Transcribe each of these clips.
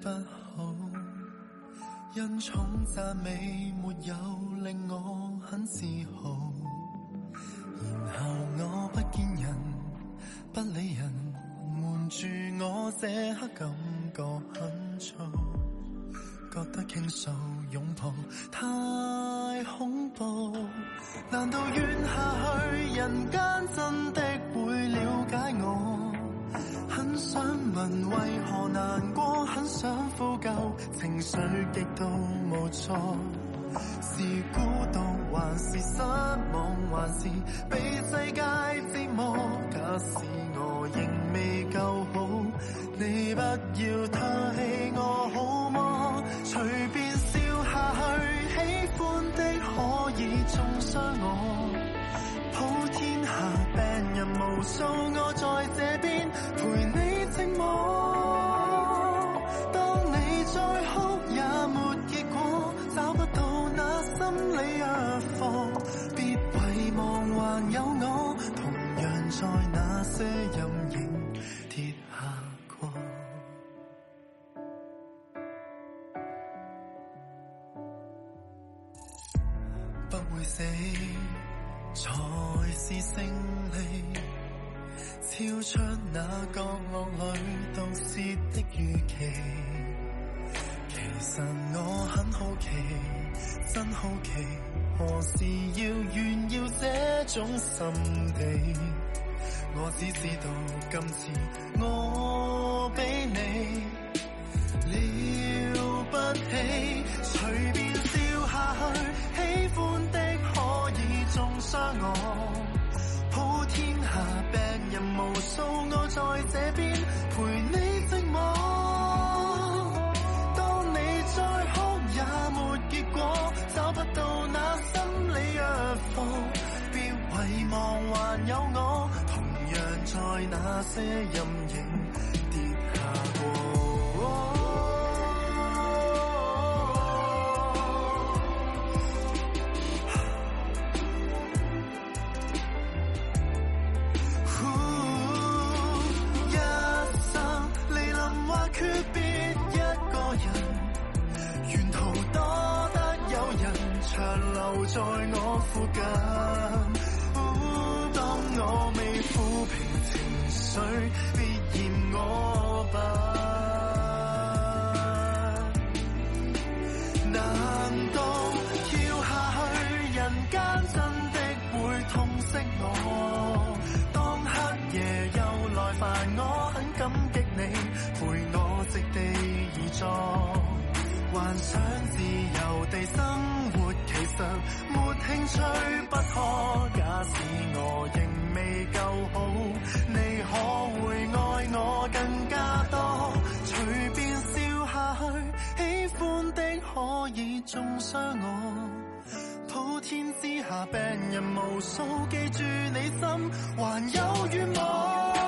不好，因重讚美沒有令我很自豪。然後我不見人，不理人，瞞住我這刻感覺很錯， 覺得傾訴擁抱太恐怖。難道怨下去，人間真的會了解我？想問為何難過，很想呼救，情緒極度無助。是孤獨，還是失望，還是被世界折磨？假使我仍未夠好，你不要唾棄我好嗎？隨便笑下去，喜歡的可以中傷我。普天下病人無數，我在這邊陪你。聽我，當你再哭也沒結果，找不到那心理藥方，別遺忘還有我，同樣在那些陰影跌下過，不會死才是勝利。超出那個角落裏到時的預期，其實我很好奇，真好奇，何時要炫耀這種心地？我只知道，今次我比你了不起，隨便笑下去，喜歡的可以中傷我。天下病人無數，我在這邊陪你寂寞。當你再哭也沒結果，找不到那心理藥方，別遺忘還有我，同樣在那些陰影跌下過。訣別一個人，沿途多得有人長留在我附近。嗚、哦，當我未撫平情緒。想自由地生活，其實沒興趣。不可假使我仍未夠好，你可會愛我更加多？隨便笑下去，喜歡的可以中傷我。普天之下病人無數，記住你心還有願望。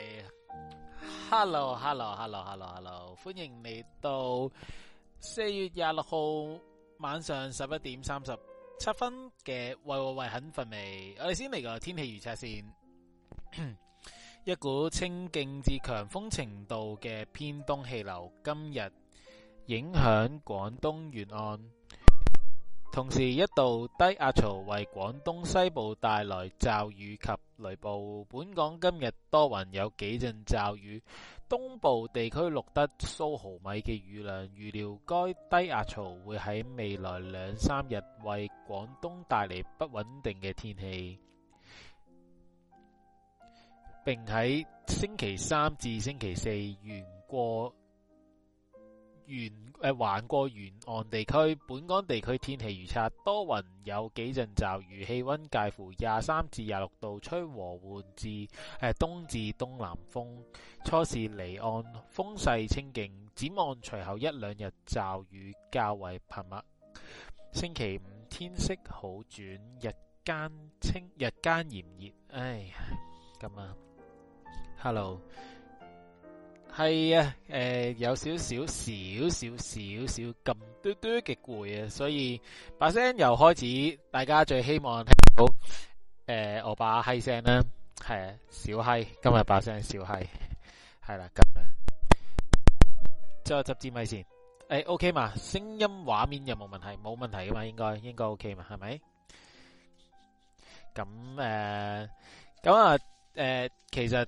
Hello，Hello，Hello，Hello，Hello，hello, hello, hello, hello. 歡迎嚟到四月廿六號晚上十一點三十七分嘅喂喂喂，肯瞓未。我哋先嚟個天氣預測先， 一股清勁至強風程度嘅偏東氣流今日影響廣東沿岸，同時一道低壓槽為廣東西部帶來驟雨及雷暴，本港今日多雲，有幾陣驟雨，東部地區錄得數毫米嘅雨量。預料該低壓槽會喺未來兩三日為廣東帶嚟不穩定嘅天氣，並喺星期三至星期四完過完。誒、呃，環過沿岸地區，本港地區天氣預測多雲，有幾陣驟雨，氣溫介乎廿三至廿六度，吹和緩至誒、呃、東至東南風，初時離岸風勢清勁，展望隨後一兩日驟雨較為頻密。星期五天色好轉，日間清，日間炎熱，唉，咁啊，hello。係啊，誒，有少少少少少少咁嘟嘟極攰啊，所以把聲由開始，大家最希望聽到誒，我把嗨聲啦，係啊，小嗨，今日把聲小嗨，係啦咁樣，再執支咪先，誒，O K 嘛，聲音畫面有冇問題？冇問題噶嘛，應該應該 O K 嘛，係咪？咁誒，咁啊，誒，其實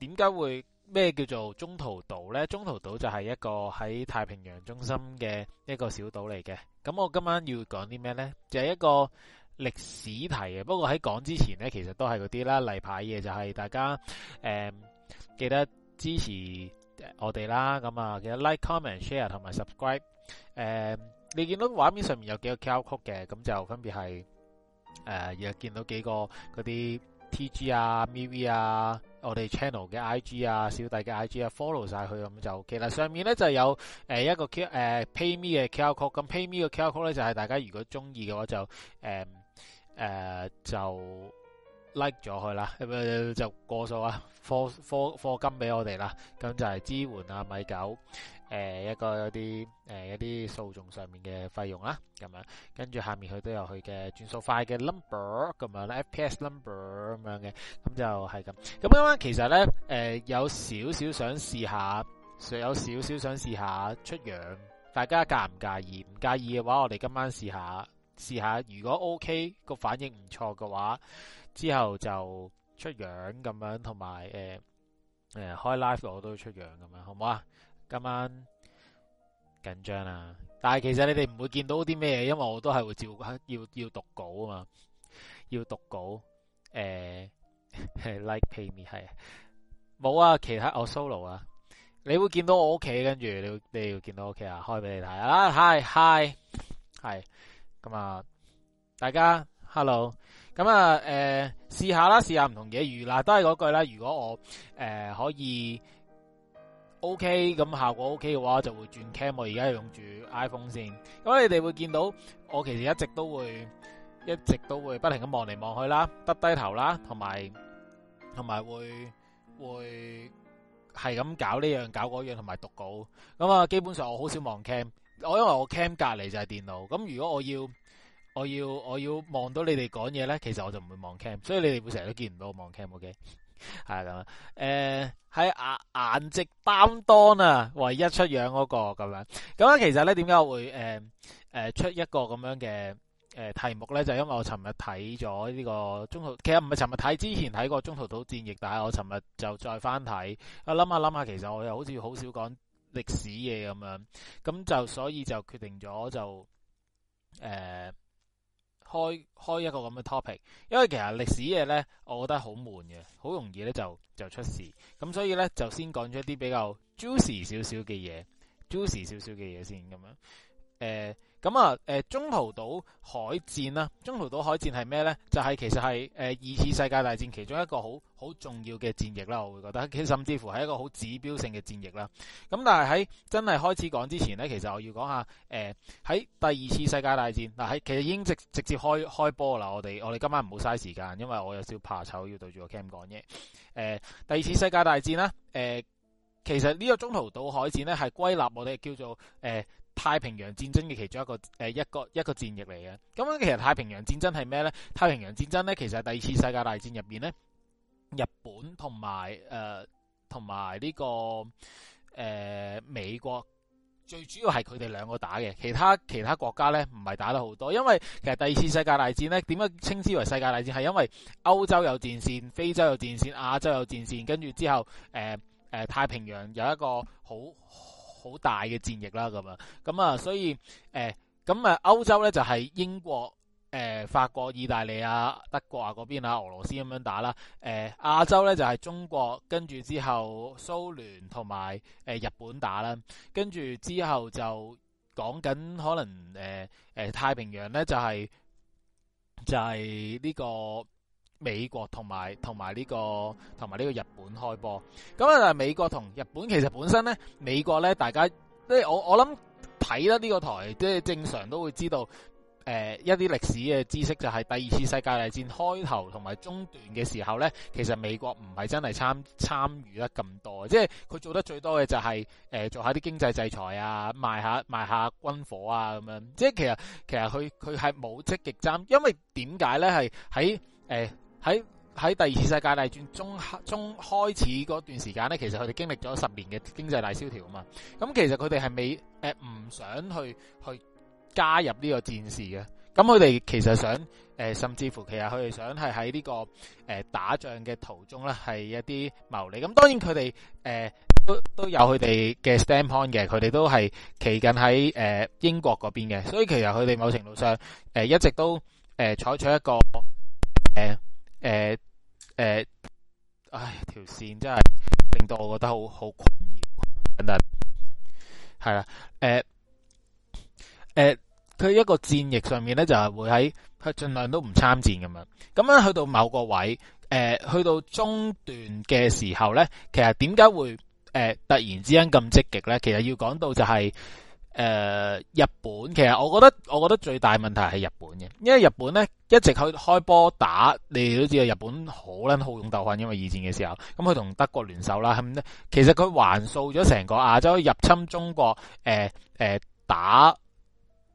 點解會？咩叫做中途島咧？中途島就係一個喺太平洋中心嘅一個小島嚟嘅。咁我今晚要講啲咩呢？就係、是、一個歷史題嘅。不過喺講之前呢，其實都係嗰啲啦，例牌嘢就係、是、大家、嗯、記得支持我哋啦。咁、嗯、啊，記得 like comment, share,、comment、share 同埋 subscribe。你見到畫面上面有幾個 K 曲嘅，咁就分別係誒，又、呃、見到幾個嗰啲 T.G. 啊、M.V. 啊。我哋 channel 嘅 IG 啊，小弟嘅 IG 啊，follow 曬佢，咁就、OK 啦，其實上面咧就有、呃、一個、呃、Pay Me 嘅 QR code，咁 Pay Me 嘅 QR code 咧就係、是、大家如果中意嘅話就誒、呃呃、就 like 咗佢啦，咁、呃、就過數啊，課課課金俾我哋啦，咁就係支援啊米九。誒、呃，一個有啲誒，一啲訴訟上面嘅費用啦、啊，咁樣跟住下面佢都有佢嘅轉數快嘅 number，咁樣 FPS number 咁樣嘅，咁就係咁。咁樣其實咧，誒、呃、有少少想試下，有少少想試下出樣，大家介唔介意？唔介意嘅話，我哋今晚試下，試下如果 OK 個反應唔錯嘅話，之後就出樣咁樣，同埋誒誒開 live 我都出樣咁樣，好唔好啊？.今晚緊張啊，但係其實你哋唔會見到啲咩，因為我都係會照要要讀稿啊嘛，要讀稿，誒、欸、 ，like pay me 係冇啊，其他我 solo 啊，你會見到我屋企，跟住你會你要見到屋企啊，開俾你睇啊，hi hi 係咁啊，大家 hello，咁啊，誒、呃，試下啦，試下唔同嘢，啦。都係嗰句啦，如果我誒、呃、可以。O.K. 咁效果 O.K. 嘅話，我就會轉 cam。我而家用住 iPhone 先。咁你哋會見到我其實一直都會一直都會不停咁望嚟望去啦，耷低頭啦，同埋同埋會會係咁搞呢樣搞嗰樣，同埋讀稿。咁啊，基本上我好少望 cam。我因為我 cam 隔籬就係電腦。咁如果我要我要我要望到你哋講嘢咧，其實我就唔會望 cam。所以你哋會成日都見唔到我望 cam。O.K. 係咁樣誒，喺顏顏值擔當啊，唯一出樣嗰、那個咁樣，咁咧其實咧點解我會誒誒、呃呃、出一個咁樣嘅誒、呃、題目咧？就因為我尋日睇咗呢個中途，其實唔係尋日睇，之前睇過《中途島戰役》，但係我尋日就再翻睇，我諗下諗下，其實我又好似好少講歷史嘢咁樣，咁就所以就決定咗就誒。呃開開一個咁嘅 topic，因為其實歷史嘢呢，我覺得好悶嘅，好容易呢就就出事，咁所以呢，就先講咗一啲比較 juicy 少少嘅嘢，juicy 少少嘅嘢先咁樣，誒、呃。咁啊，誒、呃，中途島海戰啦，中途島海戰係咩呢？就係、是、其實係誒、呃、二次世界大戰其中一個好好重要嘅戰役啦，我會覺得，其實甚至乎係一個好指標性嘅戰役啦。咁但係喺真係開始講之前呢，其實我要講下，誒、呃，喺第二次世界大戰嗱，喺其實已經直直接開開波啦。我哋我哋今晚唔好嘥時間，因為我有少少怕醜，要對住個 cam 講嘢。誒、呃，第二次世界大戰啦，誒、呃，其實呢個中途島海戰呢，係歸納我哋叫做誒。呃太平洋戰爭嘅其中一個誒一個一個戰役嚟嘅，咁樣其實太平洋戰爭係咩呢？太平洋戰爭咧其實係第二次世界大戰入邊咧，日本同埋誒同埋呢個誒、呃、美國最主要係佢哋兩個打嘅，其他其他國家咧唔係打得好多，因爲其實第二次世界大戰咧點樣稱之爲世界大戰？係因爲歐洲有戰綫，非洲有戰綫，亞洲有戰綫，跟住之後誒誒、呃呃、太平洋有一個好。好大嘅戰役啦，咁啊，咁啊，所以誒，咁、呃、啊，歐洲呢就係、是、英國、誒、呃、法國、意大利啊、德國啊嗰邊啊，俄羅斯咁樣打啦。誒、呃，亞洲呢就係、是、中國，跟住之後蘇聯同埋誒日本打啦，跟住之後就講緊可能誒誒、呃呃、太平洋呢就係、是、就係、是、呢、呢個。美國同埋同埋呢個同埋呢個日本開波，咁啊，但係美國同日本其實本身呢，美國呢，大家即係我我諗睇得呢個台，即係正常都會知道，誒、呃、一啲歷史嘅知識就係第二次世界大戰開頭同埋中段嘅時候呢，其實美國唔係真係參參與得咁多，即係佢做得最多嘅就係、是、誒、呃、做下啲經濟制裁啊，賣下賣下軍火啊咁樣，即係其實其實佢佢係冇積極參，因為點解呢？係喺誒？呃喺喺第二次世界大戰中中開始嗰段時間咧，其實佢哋經歷咗十年嘅經濟大蕭條啊嘛。咁其實佢哋係未誒唔想去去加入呢個戰事嘅。咁佢哋其實想誒，甚至乎其實佢哋想係喺呢個誒打仗嘅途中咧，係一啲牟利。咁當然佢哋誒都都有佢哋嘅 standpoint 嘅，佢哋都係企緊喺誒英國嗰邊嘅，所以其實佢哋某程度上誒一直都誒採取一個誒。誒、呃、誒、呃，唉條線真係令到我覺得好好困擾。等等，係啦，誒誒，佢、呃呃、一個戰役上面咧就係會喺佢盡量都唔參戰咁樣。咁樣去到某個位，誒、呃、去到中段嘅時候咧，其實點解會誒、呃、突然之間咁積極咧？其實要講到就係、是。誒、呃，日本其實我覺得，我覺得最大問題係日本嘅，因為日本呢一直去開波打，你都知道日本好撚好勇鬥狠，因為二戰嘅時候，咁佢同德國聯手啦，係咪呢？其實佢橫掃咗成個亞洲，入侵中國，誒、呃、誒、呃、打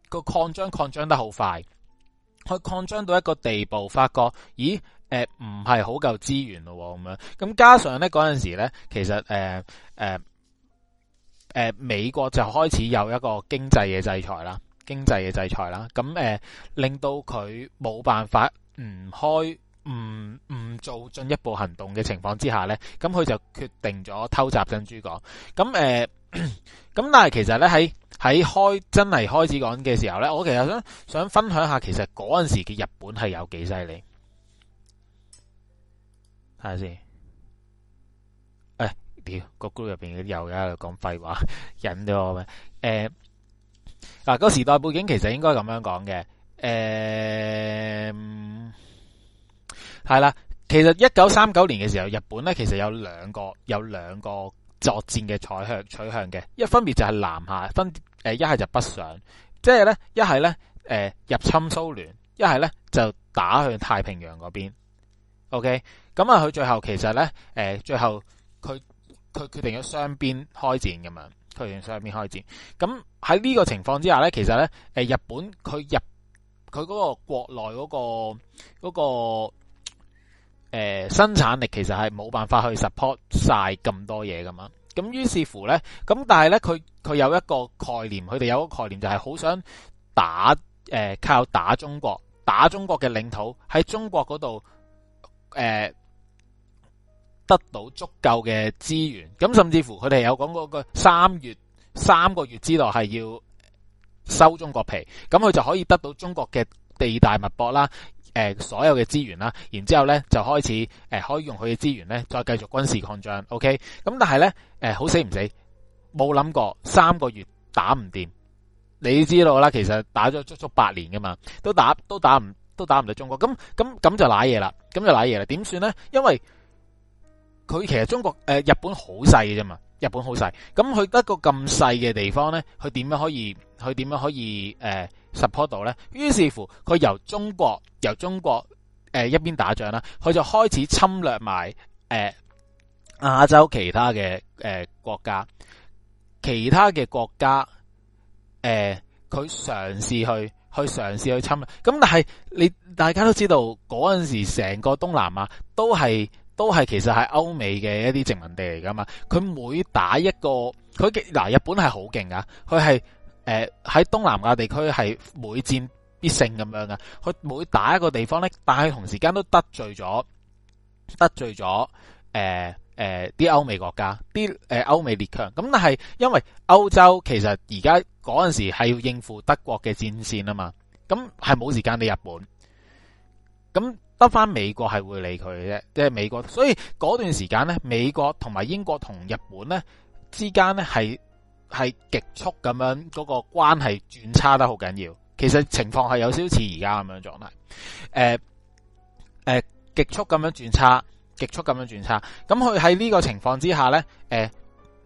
個擴張擴張得好快，佢擴張到一個地步，發覺咦誒唔係好夠資源咯咁樣，咁加上呢嗰陣時候呢，其實誒誒。呃呃誒、呃，美國就開始有一個經濟嘅制裁啦，經濟嘅制裁啦，咁誒、呃、令到佢冇辦法唔開唔唔做進一步行動嘅情況之下呢，咁佢就決定咗偷襲珍珠港。咁誒，咁、呃、但係其實呢，喺喺開真係開始講嘅時候呢，我其實想想分享下，其實嗰陣時嘅日本係有幾犀利，係先。個 group 入邊嗰啲又喺度講廢話，引到我咩？誒、嗯，嗱，個時代背景其實應該咁樣講嘅，誒、嗯，係啦，其實一九三九年嘅時候，日本咧其實有兩個有兩個作戰嘅取向取向嘅，一分別就係南下分，誒、呃、一係就北上，即係咧一係咧誒入侵蘇聯，一係咧就打向太平洋嗰邊。OK，咁啊佢最後其實咧，誒、呃、最後佢。佢決定咗雙邊開戰，咁樣決定雙邊開戰。咁喺呢個情況之下呢，其實呢，日本佢入佢嗰個國內嗰、嗰個、嗰個、呃、生產力其實係冇辦法去 support 晒咁多嘢噶嘛。咁於是乎呢，咁但係呢，佢佢有一個概念，佢哋有一個概念就係好想打、呃、靠打中國，打中國嘅領土喺中國嗰度得到足夠嘅資源，咁甚至乎佢哋有講過，個三月三個月之內係要收中國皮，咁佢就可以得到中國嘅地大物博啦，誒、呃、所有嘅資源啦，然之後呢就開始誒、呃、可以用佢嘅資源呢，再繼續軍事擴張。OK 咁但係呢，誒、呃、好死唔死，冇諗過三個月打唔掂，你知道啦，其實打咗足足八年㗎嘛，都打都打唔都打唔到中國，咁咁咁就瀨嘢啦，咁就瀨嘢啦，點算呢？因為佢其實中國誒日本好細嘅啫嘛，日本好細，咁佢得個咁細嘅地方呢，佢點樣可以佢點樣可以誒、呃、support 到呢？於是乎佢由中國由中國誒一邊打仗啦，佢就開始侵略埋誒亞洲其他嘅誒、呃、國家，其他嘅國家誒佢嘗試去去嘗試去侵略，咁、嗯、但係你大家都知道嗰陣時成個東南亞都係。都係其實係歐美嘅一啲殖民地嚟噶嘛，佢每打一個佢嘅嗱日本係好勁噶，佢係誒喺東南亞地區係每戰必勝咁樣噶，佢每打一個地方呢，但係同時間都得罪咗得罪咗誒誒啲歐美國家啲誒歐美列強，咁但係因為歐洲其實而家嗰陣時係要應付德國嘅戰線啊嘛，咁係冇時間俾日本咁。得翻美國係會理佢嘅啫，即係美國。所以嗰段時間呢，美國同埋英國同日本呢之間呢，係係極速咁樣嗰個關係轉差得好緊要。其實情況係有少少似而家咁樣狀態，呃呃，極速咁樣轉差，極速咁樣轉差。咁佢喺呢個情況之下呢，呃，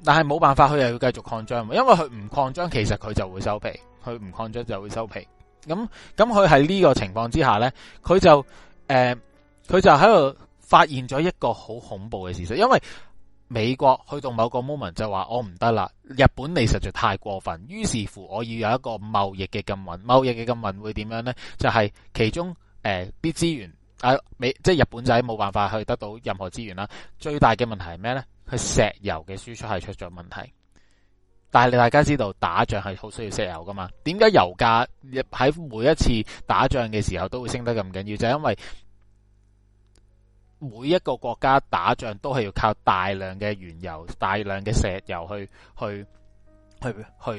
但係冇辦法，佢又要繼續擴張，因為佢唔擴張，其實佢就會收皮；佢唔擴張就會收皮。咁咁佢喺呢個情況之下呢，佢就。誒、呃，佢就喺度發現咗一個好恐怖嘅事實，因為美國去到某個 moment 就話我唔得啦，日本你實在太過分，於是乎我要有一個貿易嘅禁運，貿易嘅禁運會點樣呢？就係、是、其中誒啲資源啊美即係日本仔冇辦法去得到任何資源啦，最大嘅問題係咩呢？佢石油嘅輸出係出咗問題。但係大家知道打仗係好需要石油㗎嘛，點解油價喺每一次打仗嘅時候都會升得咁緊要？就係因為每一個國家打仗都係要靠大量嘅原油，大量嘅石油去去去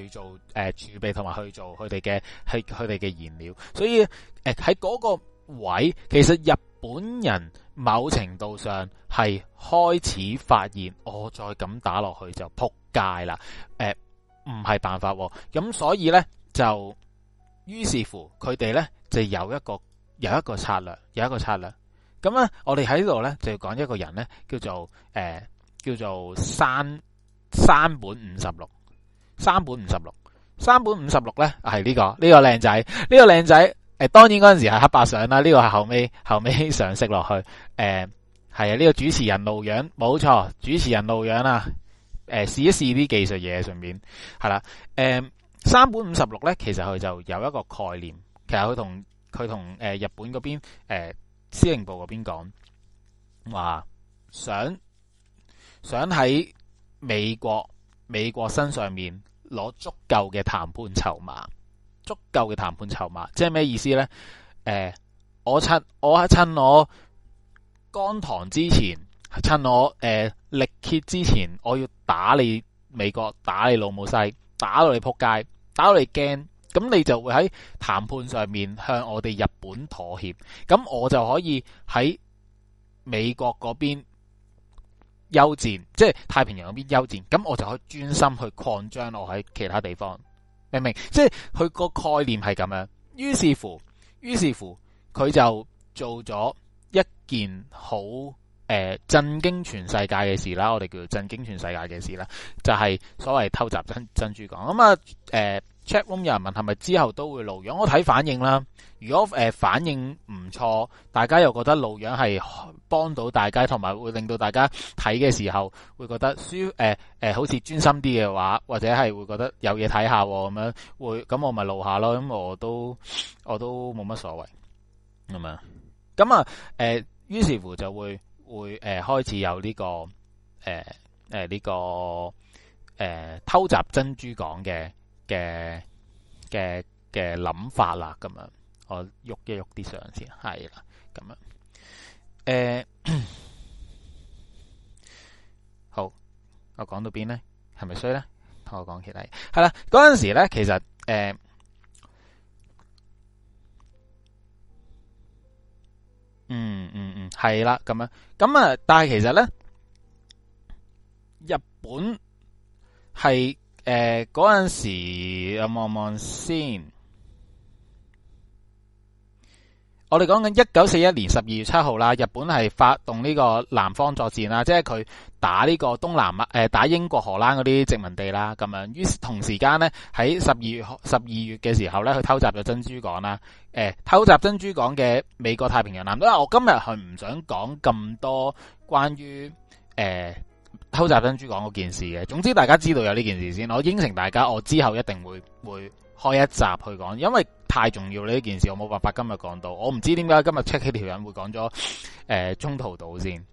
去做誒儲、呃、備同埋去做佢哋嘅佢佢哋嘅燃料。所以喺嗰、呃、個位，其實日本人某程度上係開始發現，我再咁打落去就撲。大啦，誒、呃，唔係辦法、哦，咁所以呢，就，於是乎佢哋呢，就有一個有一個策略，有一個策略，咁呢，我哋喺呢度呢，就要講一個人呢，叫做誒、呃、叫做山山本五十六，山本五十六，山本五十六呢係呢、這個呢、這個靚仔，呢、這個靚仔誒、呃，當然嗰陣時係黑白相啦，呢、這個係後尾，後尾上色落去，誒、呃、係啊呢、這個主持人露樣，冇錯，主持人露樣啊。誒，試一試啲技術嘢，順便係啦。誒、嗯，三本五十六咧，其實佢就有一個概念，其實佢同佢同誒日本嗰邊誒、呃、司令部嗰邊講，話想想喺美國美國身上面攞足夠嘅談判籌碼，足夠嘅談判籌碼，即係咩意思咧？誒、呃，我趁我趁我乾塘之前。趁我誒、呃、力竭之前，我要打你美國，打你老母西，打到你撲街，打到你驚。咁你就會喺談判上面向我哋日本妥協。咁我就可以喺美國嗰邊休戰，即係太平洋嗰邊休戰。咁我就可以專心去擴張落喺其他地方。明唔明？即係佢個概念係咁樣。於是乎，於是乎，佢就做咗一件好。誒，震驚全世界嘅事啦，我哋叫震驚全世界嘅事啦，就係、是、所謂偷襲珍珍珠港。咁、嗯、啊，誒，check room 有人問係咪之後都會露樣？我睇反應啦。如果誒、呃、反應唔錯，大家又覺得露樣係幫到大家，同埋會令到大家睇嘅時候會覺得舒誒誒，好似專心啲嘅話，或者係會覺得有嘢睇下咁樣，會咁、嗯、我咪露下咯。咁、嗯、我都我都冇乜所謂係咪啊？咁啊，誒、嗯嗯、呃，於是乎就會。會誒、呃、開始有呢、這個誒誒呢個誒、呃、偷襲珍珠港嘅嘅嘅嘅諗法啦咁樣，我喐一喐啲相先係啦咁樣誒、呃、好，我講到邊咧係咪衰咧？係咪衰咧同我講其他嘢係啦，嗰陣時咧其實誒。呃嗯嗯嗯，係啦咁樣，咁啊，但係其實咧，日本係誒嗰陣時，我望望先。我哋講緊一九四一年十二月七號啦，日本係發動呢個南方作戰啦，即係佢打呢個東南亞誒、呃、打英國荷蘭嗰啲殖民地啦，咁樣。於是同時間呢，喺十二月十二月嘅時候呢，佢偷襲咗珍珠港啦、呃。偷襲珍珠港嘅美國太平洋艦隊。都話我今日係唔想講咁多關於誒、呃、偷襲珍珠港嗰件事嘅。總之，大家知道有呢件事先。我應承大家，我之後一定會會。開一集去講，因為太重要，呢件事我冇辦法今日講到，我唔知點解今日 check 起條人會講咗誒中途島先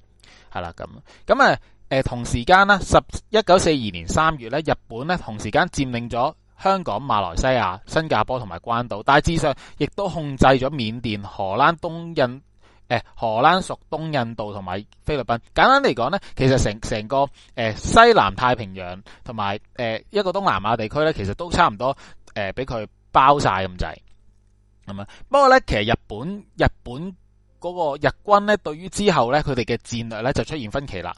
係啦。咁咁誒，誒、呃、同時間呢，十一九四二年三月咧，日本咧同時間佔領咗香港、馬來西亞、新加坡同埋關島，大致上亦都控制咗緬甸、荷蘭東印誒、呃、荷蘭屬東印度同埋菲律賓。簡單嚟講呢，其實成成個誒、呃、西南太平洋同埋誒一個東南亞地區呢，其實都差唔多。誒、呃，俾佢包晒咁滯，咁啊！不過咧，其實日本日本嗰個日軍咧，對於之後咧，佢哋嘅戰略咧就出現分歧啦，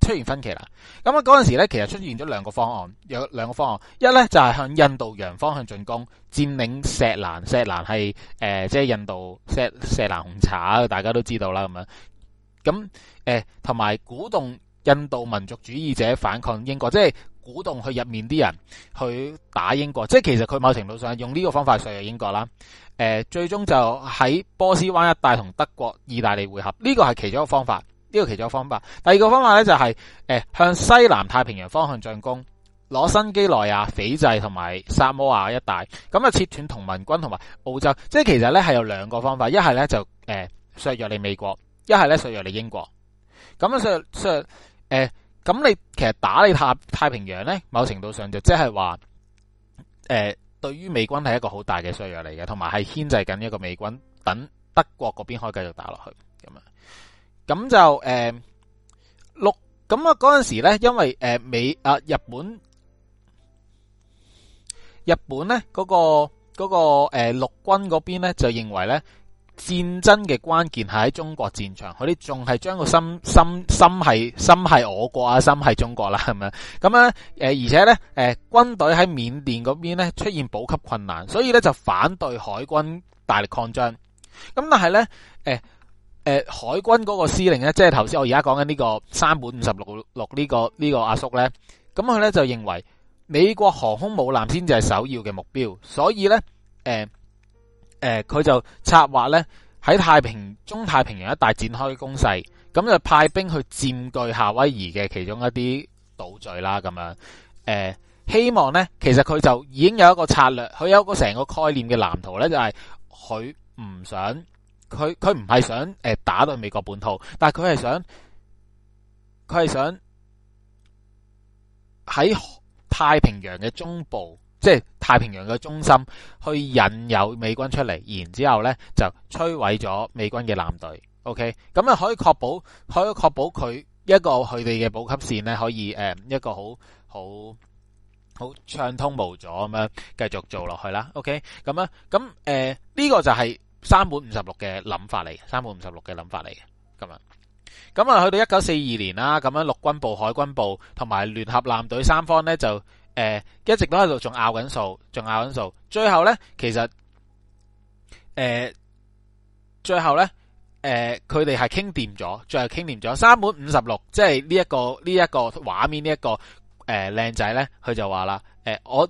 出現分歧啦。咁、嗯、啊，嗰陣時咧，其實出現咗兩個方案，有兩個方案，一咧就係、是、向印度洋方向進攻，佔領錫蘭，錫蘭係誒，即、呃、係、就是、印度錫錫蘭紅茶，大家都知道啦，咁樣。咁誒，同埋鼓動印度民族主義者反抗英國，即係。鼓動去入面啲人去打英國，即係其實佢某程度上用呢個方法削弱英國啦。誒、呃，最終就喺波斯灣一帶同德國、意大利會合，呢、這個係其中一個方法。呢、這個其中一個方法，第二個方法呢，就係、是、誒、呃、向西南太平洋方向進攻，攞新幾內亞、斐濟同埋薩摩亞一帶，咁啊切斷同盟軍同埋澳洲。即係其實呢，係有兩個方法，一係呢，就誒、呃、削弱你美國，一係呢，削弱你英國。咁咧削弱削誒。削弱呃咁你其實打你太太平洋呢，某程度上就即係話，誒、呃，對於美軍係一個好大嘅削弱嚟嘅，同埋係牽制緊一個美軍，等德國嗰邊可以繼續打落去咁、呃呃、啊。咁就誒六咁啊嗰陣時呢，因為誒美啊日本日本呢嗰、嗰個嗰、嗰個誒陸、嗰個呃、軍嗰邊呢，就認為呢。戰爭嘅關鍵係喺中國戰場，佢哋仲係將個心心心繫心繫我國啊，心繫中國啦，係咪咁？咁誒、呃、而且咧，誒、呃、軍隊喺緬甸嗰邊咧出現補給困難，所以咧就反對海軍大力擴張。咁但係咧，誒、呃、誒、呃、海軍嗰個司令咧，即係頭先我而家講緊呢個山本五十六六呢個呢、呢個阿叔咧，咁佢咧就認為美國航空母艦先至係首要嘅目標，所以咧，誒、呃。誒、呃，佢就策劃咧喺太平中太平洋一帶展開攻勢，咁就派兵去佔據夏威夷嘅其中一啲島嶼啦，咁樣。誒、呃，希望咧，其實佢就已經有一個策略，佢有個成個概念嘅藍圖咧，就係佢唔想，佢佢唔係想誒、呃、打到美國本土，但係佢係想，佢係想喺太平洋嘅中部。即係太平洋嘅中心，去引誘美軍出嚟，然之後呢就摧毀咗美軍嘅艦隊。OK，咁啊可以確保，可以確保佢一個佢哋嘅補給線呢可以誒、呃、一個好好好暢通無阻咁樣繼續做落去啦。OK，咁啊咁誒呢個就係山本五十六嘅諗法嚟，山本五十六嘅諗法嚟嘅咁啊。咁啊去到一九四二年啦，咁樣陸軍部、海軍部同埋聯合艦隊三方呢就。誒、呃，一直都喺度仲拗緊數，仲拗緊數。最後呢，其實誒、呃，最後呢，誒、呃，佢哋係傾掂咗，最後傾掂咗。山本五十六，即係呢一個呢一、這個畫面呢、這、一個誒靚、呃、仔呢，佢就話啦，誒、呃，我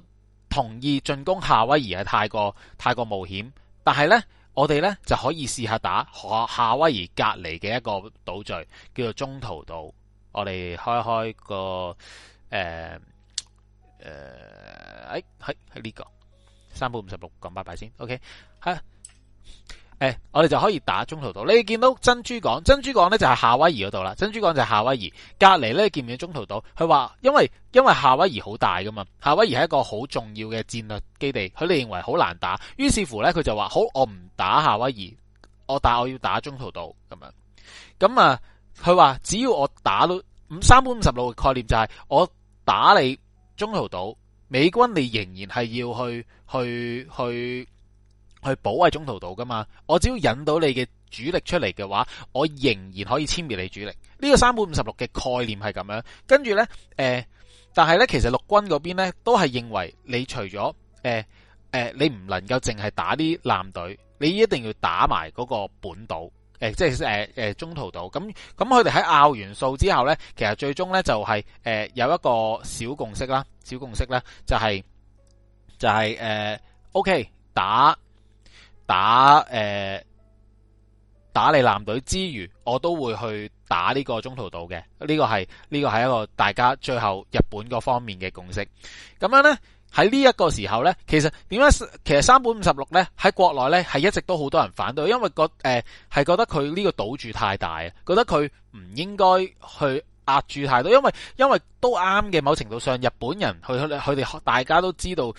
同意進攻夏威夷係太過太過冒險，但係呢，我哋呢就可以試下打夏夏威夷隔籬嘅一個島嶼，叫做中途島。我哋開開個誒。呃誒、呃，係係呢個山本五十六講拜拜先，OK 吓、啊？誒、哎，我哋就可以打中途島。你見到珍珠港，珍珠港呢就係夏威夷嗰度啦。珍珠港就係夏威夷隔籬呢見唔見中途島？佢話因為因為夏威夷好大噶嘛，夏威夷係一個好重要嘅戰略基地，佢哋認為好難打，於是乎呢，佢就話好，我唔打夏威夷，我打我要打中途島咁樣。咁啊，佢話只要我打到五山本五十六嘅概念就係、是、我打你。中途島美軍，你仍然係要去去去去保衛中途島噶嘛？我只要引到你嘅主力出嚟嘅話，我仍然可以殲滅你主力。呢、這個山本五十六嘅概念係咁樣。跟住呢，誒、呃，但係呢，其實陸軍嗰邊呢，都係認為你、呃呃，你除咗誒誒，你唔能夠淨係打啲艦隊，你一定要打埋嗰個本島。誒、呃，即係誒誒，中途島咁咁，佢哋喺拗完數之後咧，其實最終咧就係、是、誒、呃、有一個小共識啦，小共識咧就係、是、就係誒，O K 打打誒、呃、打你男隊之餘，我都會去打呢個中途島嘅呢個係呢、這個係一個大家最後日本個方面嘅共識咁樣咧。喺呢一個時候呢，其實點解其實三本五十六呢，喺國內呢，係一直都好多人反對，因為覺、呃、係覺得佢呢個賭注太大，覺得佢唔應該去壓住太多，因為因為都啱嘅。某程度上，日本人佢佢哋大家都知道，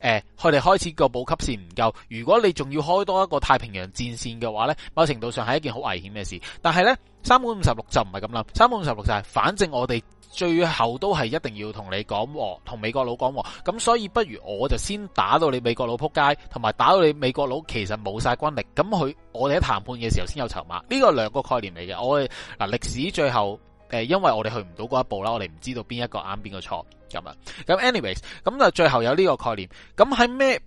呃、佢哋開始個補給線唔夠，如果你仲要開多一個太平洋戰線嘅話呢，某程度上係一件好危險嘅事。但係呢，三本五十六就唔係咁諗，三本五十六就係反正我哋。最後都係一定要同你講，同美國佬講，咁所以不如我就先打到你美國佬撲街，同埋打到你美國佬其實冇晒軍力，咁佢我哋喺談判嘅時候先有籌碼，呢個兩個概念嚟嘅。我哋嗱歷史最後，誒、呃，因為我哋去唔到嗰一步啦，我哋唔知道邊一個啱邊個錯咁啊。咁 anyways，咁就最後有呢個概念。咁喺咩？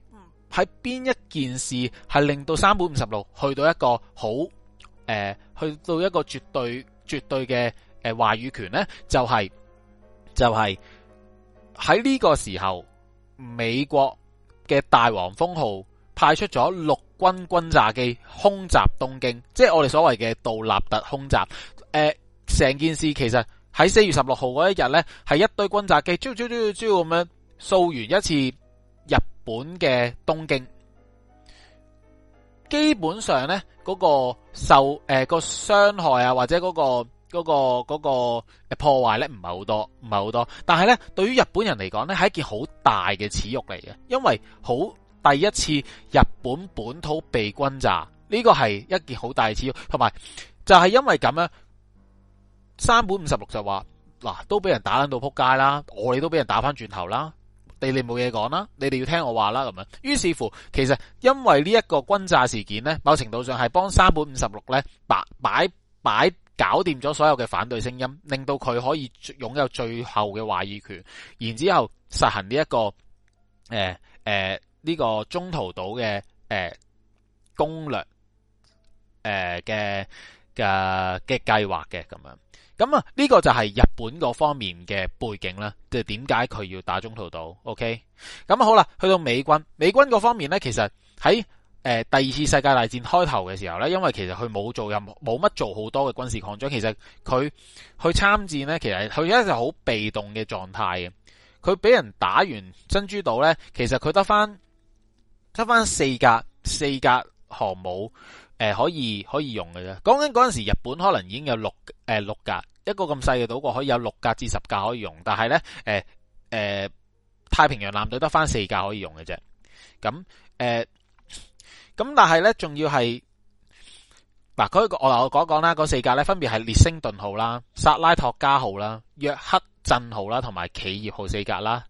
喺邊一件事係令到山本五十六去到一個好，誒、呃，去到一個絕對絕對嘅。誒、呃，話語權咧就係、是、就係喺呢個時候，美國嘅大黃蜂號派出咗陸軍轟炸機空襲東京，即係我哋所謂嘅杜立特空襲。誒、呃，成件事其實喺四月十六號嗰一日咧，係一堆轟炸機，招招招招咁樣掃完一次日本嘅東京，基本上咧嗰、那個受誒、呃那個傷害啊，或者嗰、那個。嗰、那個嗰、那個破壞咧，唔係好多，唔係好多。但係咧，對於日本人嚟講咧，係一件好大嘅恥辱嚟嘅，因為好第一次日本本土被轟炸呢、這個係一件好大嘅恥辱，同埋就係因為咁咧，山本五十六就話嗱、啊、都俾人打到扑街啦，我哋都俾人打翻轉頭啦，你哋冇嘢講啦，你哋要聽我話啦，咁樣。於是乎，其實因為呢一個轟炸事件呢，某程度上係幫山本五十六咧擺擺擺。擺擺搞掂咗所有嘅反對聲音，令到佢可以擁有最後嘅話語權，然之後實行呢一個誒誒呢個中途島嘅誒攻略誒嘅嘅嘅計劃嘅咁樣，咁啊呢個就係日本嗰方面嘅背景啦，即係點解佢要打中途島 OK 咁好啦，去到美軍，美軍嗰方面咧，其實喺第二次世界大戰開頭嘅時候呢，因為其實佢冇做任冇乜做好多嘅軍事擴張，其實佢去參戰呢，其實佢一直好被動嘅狀態嘅。佢俾人打完珍珠島呢，其實佢得翻得翻四架四架航母，呃、可以可以用嘅啫。講緊嗰陣時，日本可能已經有六誒、呃、六架一個咁細嘅島國，可以有六架至十架可以用，但係呢，誒、呃、誒、呃、太平洋艦隊得翻四架可以用嘅啫。咁誒。呃咁但係呢，仲要係嗱，嗰、那個我我講講啦，嗰、那個，四架呢，分別係列星頓號啦、薩拉托加號啦、約克鎮號啦，同埋企業號四架啦。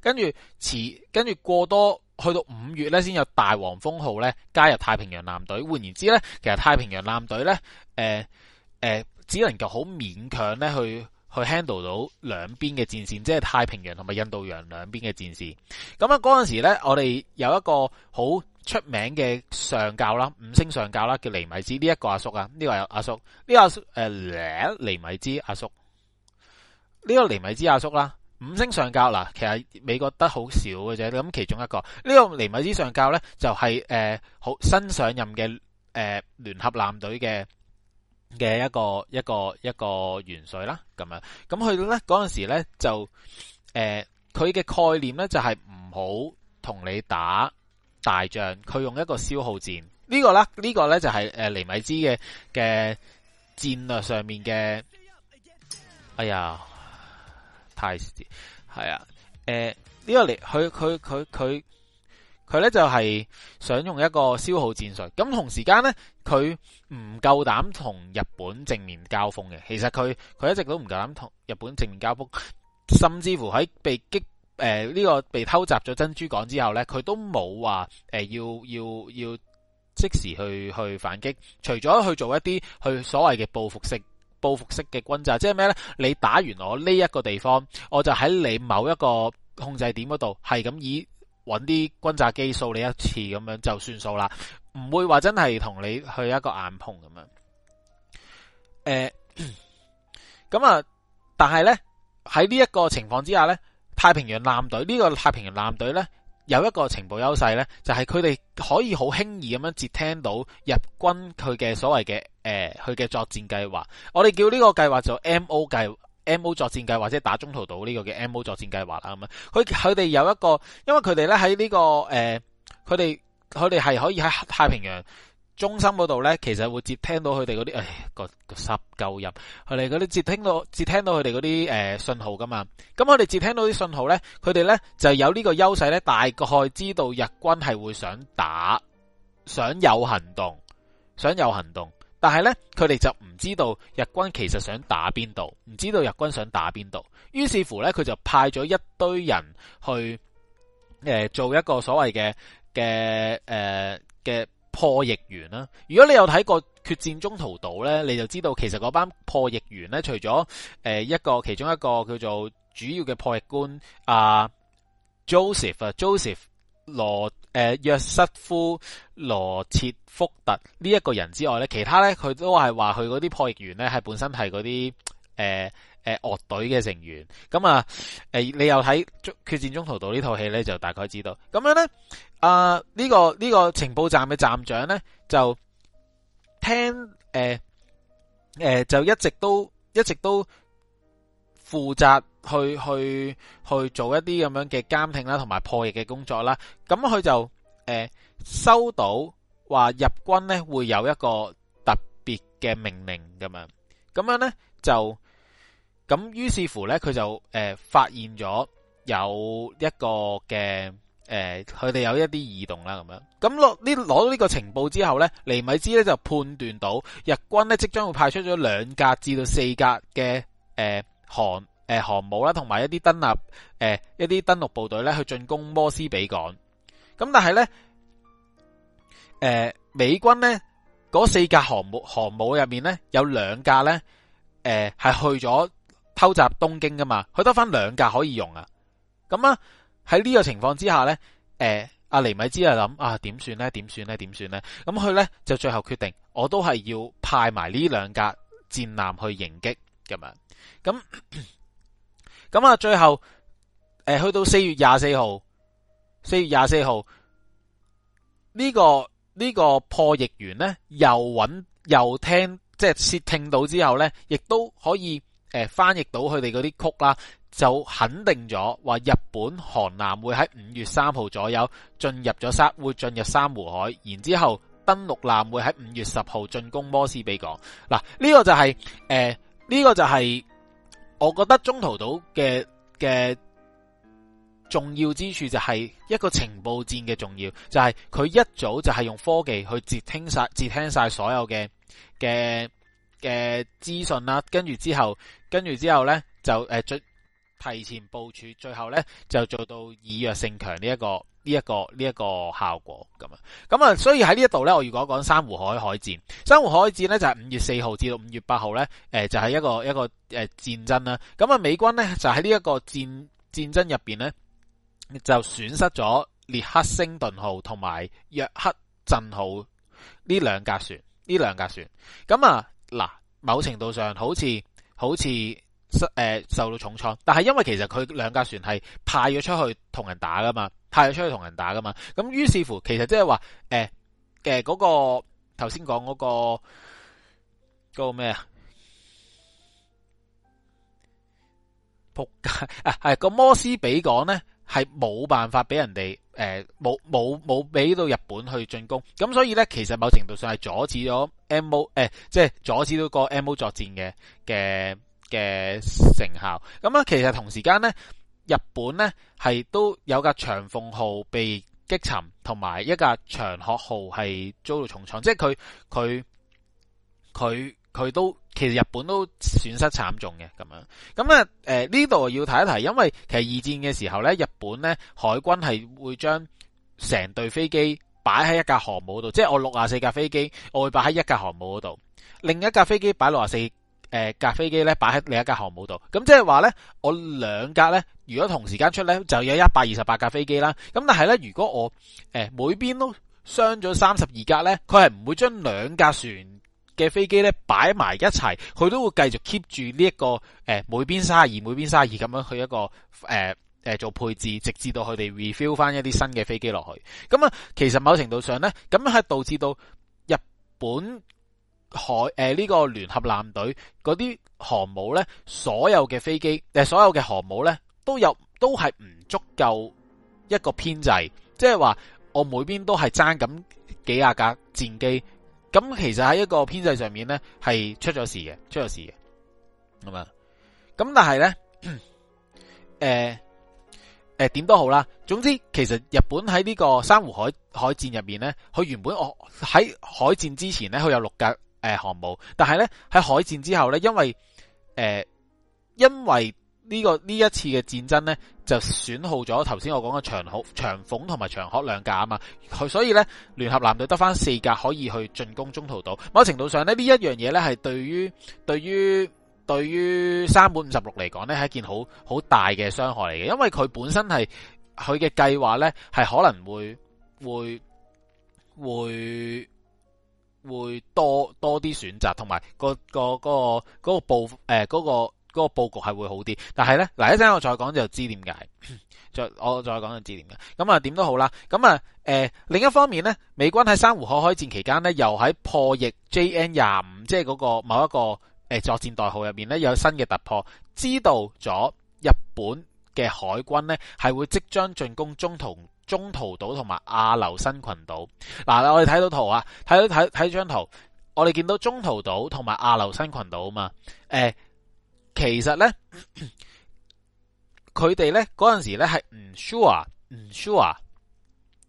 跟住遲，跟住過多去到五月呢，先有大黃蜂號呢加入太平洋艦隊。換言之呢，其實太平洋艦隊呢，誒、呃、誒、呃，只能夠好勉強呢去去 handle 到兩邊嘅戰線，即係太平洋同埋印度洋兩邊嘅戰線。咁、那、啊、個，嗰陣時呢我哋有一個好。出名嘅上教啦，五星上教啦，叫尼米茲呢一個阿叔啊，呢個阿叔，呢個誒，尼尼米茲阿叔，呢個尼米茲阿叔啦，五星上教啦，其實美國得好少嘅啫，你諗其中一個呢個尼米茲上教咧，就係誒好新上任嘅誒聯合艦隊嘅嘅一個一個一個元帥啦，咁樣咁去到咧嗰陣時咧就誒佢嘅概念咧就係唔好同你打。大將，佢用一個消耗戰，呢、這個咧，呢、這個咧就係、是、誒、呃，尼米茲嘅嘅戰略上面嘅，哎呀，太係啊，誒、呃，這個、呢個嚟，佢佢佢佢佢咧就係、是、想用一個消耗戰術，咁同時間咧，佢唔夠膽同日本正面交鋒嘅，其實佢佢一直都唔夠膽同日本正面交鋒，甚至乎喺被擊。誒、呃，呢、這個被偷襲咗珍珠港之後呢，佢都冇話誒，要要要即時去去反擊，除咗去做一啲去所謂嘅報復式報復式嘅轟炸，即係咩呢？你打完我呢一個地方，我就喺你某一個控制點嗰度，係咁以揾啲轟炸機掃你一次咁樣就算數啦，唔會話真係同你去一個硬碰咁樣。誒、呃，咁啊，但係呢，喺呢一個情況之下呢。太平洋艦隊呢個太平洋艦隊咧，有一個情報優勢咧，就係佢哋可以好輕易咁樣接聽到日軍佢嘅所謂嘅誒，佢、呃、嘅作戰計劃。我哋叫呢個計劃就 MO 計劃 MO 作戰計劃，或者打中途島呢個嘅 MO 作戰計劃啦咁樣，佢佢哋有一個，因為佢哋咧喺呢個誒，佢哋佢哋係可以喺太平洋。中心嗰度咧，其實會接聽到佢哋嗰啲，誒個個濕夠音，佢哋嗰啲接聽到接聽到佢哋嗰啲誒信號噶嘛。咁我哋接聽到啲信號咧，佢哋咧就有呢個優勢咧，大概知道日軍係會想打，想有行動，想有行動。但係咧，佢哋就唔知道日軍其實想打邊度，唔知道日軍想打邊度。於是乎咧，佢就派咗一堆人去，誒、呃、做一個所謂嘅嘅誒嘅。破譯員啦，如果你有睇過《決戰中途島》呢，你就知道其實嗰班破譯員呢，除咗誒一個其中一個叫做主要嘅破譯官啊 Joseph 啊 Joseph 羅誒、呃、約瑟夫羅切福特呢一個人之外呢，其他呢，佢都係話佢嗰啲破譯員呢，係本身係嗰啲誒。呃誒，樂隊嘅成員咁啊，誒、啊，你又睇決戰中途島呢套戲咧，就大概知道咁樣咧。啊，呢、這個呢、這個情報站嘅站長咧，就聽誒誒、啊啊，就一直都一直都負責去去去做一啲咁樣嘅監聽啦，同埋破譯嘅工作啦。咁佢就誒、啊、收到話入軍咧，會有一個特別嘅命令咁樣。咁樣咧就。咁於是乎咧，佢就誒、呃、發現咗有一個嘅誒，佢、呃、哋有一啲異動啦，咁樣咁攞呢攞到呢個情報之後咧，尼米茲咧就判斷到日軍咧即將會派出咗兩架至到四架嘅誒、呃、航誒、呃、航母啦，同埋一啲登陸誒、呃、一啲登陸部隊咧去進攻摩斯比港。咁但係咧，誒、呃、美軍咧嗰四架航母航母入面咧有兩架咧，誒、呃、係去咗。偷襲東京噶嘛？佢得返兩架可以用啊。咁、呃、啊，喺呢個情況之下呢，誒，阿尼米茲啊諗啊，點算呢？點算呢？點算呢？」咁佢呢，就最後決定，我都係要派埋呢兩架戰艦去迎擊咁樣。咁咁啊，最後誒、呃，去到四月廿四號，四月廿四號呢個呢、這個破譯員呢，又揾又聽，即係竊聽到之後呢，亦都可以。誒，翻譯到佢哋嗰啲曲啦，就肯定咗話日本韓南會喺五月三號左右進入咗沙會進入珊瑚海，然之後登陸艦會喺五月十號進攻摩斯比港。嗱，呢個就係、是、誒、呢、呃這個就係我覺得中途島嘅嘅重要之處，就係一個情報戰嘅重要，就係、是、佢一早就係用科技去截聽晒、截聽晒所有嘅嘅。的嘅資訊啦，跟住之後，跟住之後呢，就誒，最、呃、提前部署，最後呢，就做到以弱勝強呢一個呢一、這個呢一、這個效果咁啊。咁啊，所以喺呢一度呢，我如果講珊瑚海海戰，珊瑚海戰呢，就係、是、五月四號至到五月八號呢，誒、呃、就係、是、一個一個誒、呃、戰爭啦。咁啊，美軍呢，就喺呢一個戰戰爭入邊呢，就損失咗列克星頓號同埋約克鎮號呢兩架船呢兩架船咁啊。嗱，某程度上好似好似失、呃、受到重創，但係因為其實佢兩架船係派咗出去同人打噶嘛，派咗出去同人打噶嘛，咁於是乎其實即係話誒誒嗰頭先講嗰個咩、那個那個、啊？仆街啊係個摩斯比港咧係冇辦法俾人哋。誒、呃，冇冇冇俾到日本去進攻，咁所以呢，其實某程度上係阻止咗 M.O. 誒、呃，即係阻止到個 M.O. 作戰嘅嘅嘅成效。咁啊，其實同時間呢，日本呢係都有架祥鳳號被擊沉，同埋一架翔鶴號係遭到重創，即係佢佢佢。佢都其實日本都損失慘重嘅，咁樣，咁啊誒，呢度要提一提，因為其實二戰嘅時候呢，日本呢海軍係會將成隊飛機擺喺一架航母度，即係我六廿四架飛機，我會擺喺一架航母嗰度，另一架飛機擺六廿四誒架飛機呢擺喺另一架航母度，咁即係話呢，我兩架呢，如果同時間出呢，就有一百二十八架飛機啦，咁但係呢，如果我誒、呃、每邊都傷咗三十二架呢，佢係唔會將兩架船。嘅飛機咧，擺埋一齊，佢都會繼續 keep 住呢一個誒、呃、每邊卅二、每邊卅二咁樣去一個誒誒、呃、做配置，直至到佢哋 refill 翻一啲新嘅飛機落去。咁啊，其實某程度上咧，咁樣係導致到日本海誒呢、呃，這個聯合艦隊嗰啲航母咧，所有嘅飛機誒、呃、所有嘅航母咧都有都係唔足夠一個編制，即係話我每邊都係爭緊幾廿架戰機。咁其實喺一個編制上面呢，係出咗事嘅，出咗事嘅，係嘛？咁但係呢，誒誒，點都好啦。總之，其實日本喺呢個珊瑚海海戰入面呢，佢原本我喺海戰之前呢，佢有六架誒、呃、航母，但係呢，喺海戰之後呢，因為誒、呃，因為。呢、這個呢一次嘅戰爭呢，就損耗咗頭先我講嘅長好祥鳳同埋翔鶴兩架啊嘛，佢所以呢，聯合艦隊得返四架可以去進攻中途島。某程度上呢，呢一樣嘢呢係對於對於對於山本五十六嚟講呢，係一件好好大嘅傷害嚟嘅，因為佢本身係佢嘅計劃呢，係可能會會會會多多啲選擇，同埋個個嗰個部誒個。個個個個嗰、嗰個佈局係會好啲，但係呢，嗱一陣我再講就知點解，再我再講就知點解。咁啊點都好啦，咁、嗯、啊、呃、另一方面呢，美軍喺珊瑚海開戰期間呢，又喺破譯 JN 廿五，即係嗰個某一個、呃、作戰代號入面呢，有新嘅突破，知道咗日本嘅海軍呢係會即將進攻中途中途島同埋亞留新群島。嗱、呃，我哋睇到圖啊，睇到睇睇張圖，我哋見到中途島同埋亞留新群島啊嘛，呃其實咧，佢哋咧陣時咧係唔 sure 唔 sure，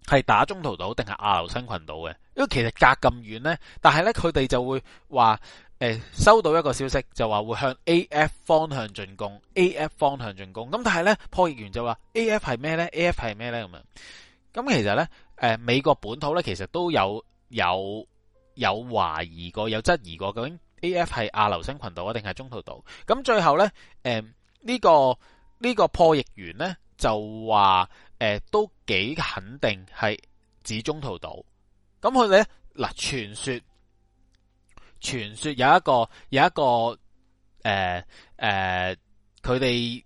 係打中途島定係亞留申群島嘅。因為其實隔咁遠咧，但係咧佢哋就會話，誒、呃、收到一個消息，就話會向 AF 方向進攻，AF 方向進攻。咁但係咧破譯員就話，AF 係咩咧？AF 係咩咧？咁樣咁其實咧，誒、呃、美國本土咧其實都有有有懷疑過，有質疑過究竟。A. F 係阿留申群島啊，定係中途島？咁最後咧，誒、呃、呢、這個呢、這個破譯員咧就話，誒、呃、都幾肯定係指中途島。咁佢哋咧嗱，傳說傳說有一個有一個誒誒，佢、呃、哋、呃、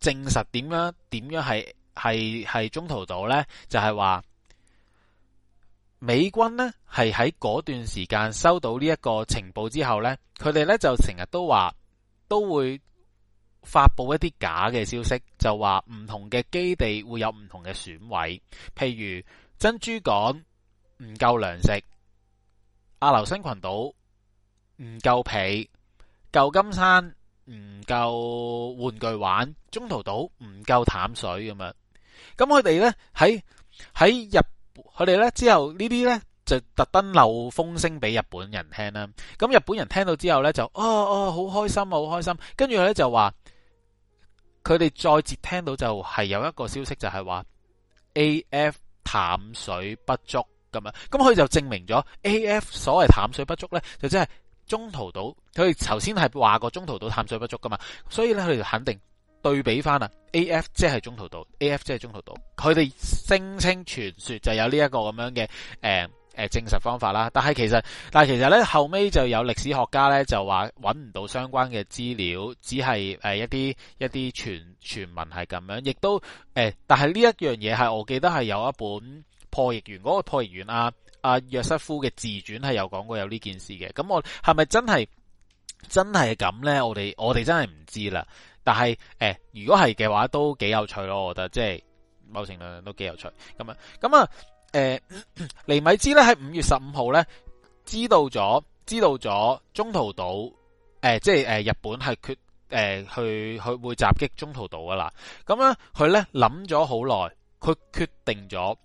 證實點樣點樣係係係中途島咧？就係、是、話。美軍呢係喺嗰段時間收到呢一個情報之後呢，佢哋呢就成日都話都會發佈一啲假嘅消息，就話唔同嘅基地會有唔同嘅損毀，譬如珍珠港唔夠糧食，阿留申群島唔夠被，舊金山唔夠玩具玩，中途島唔夠淡水咁樣，咁佢哋呢喺喺入。佢哋咧之後呢啲咧就特登漏風聲俾日本人聽啦，咁日本人聽到之後咧就哦哦好開心啊，好開心，跟住咧就話佢哋再接聽到就係有一個消息就係話 A.F. 淡水不足咁啊，咁佢就證明咗 A.F. 所謂淡水不足咧就即係中途島，佢哋頭先係話過中途島淡水不足噶嘛，所以咧佢哋就肯定。對比翻啊，A F 即係中途島，A F 即係中途島。佢哋聲稱傳說就有呢一個咁樣嘅誒誒證實方法啦。但係其實，但係其實呢，後尾就有歷史學家呢，就話揾唔到相關嘅資料，只係、呃、一啲一啲傳傳聞係咁樣。亦都誒但係呢一樣嘢係我記得係有一本破譯員嗰、嗰個破譯員啊阿約瑟夫嘅自傳係有講過有呢件事嘅。咁我係咪真係真係咁呢？我哋我哋真係唔知啦。但係誒、呃，如果係嘅話，都幾有趣咯。我覺得即係某程度上都幾有趣。咁啊，咁啊，誒、呃，尼米茲咧喺五月十五號咧，知道咗，知道咗中途島誒、呃，即係誒、呃，日本係決誒、呃、去去，去會襲擊中途島噶啦。咁咧，佢咧諗咗好耐，佢決定咗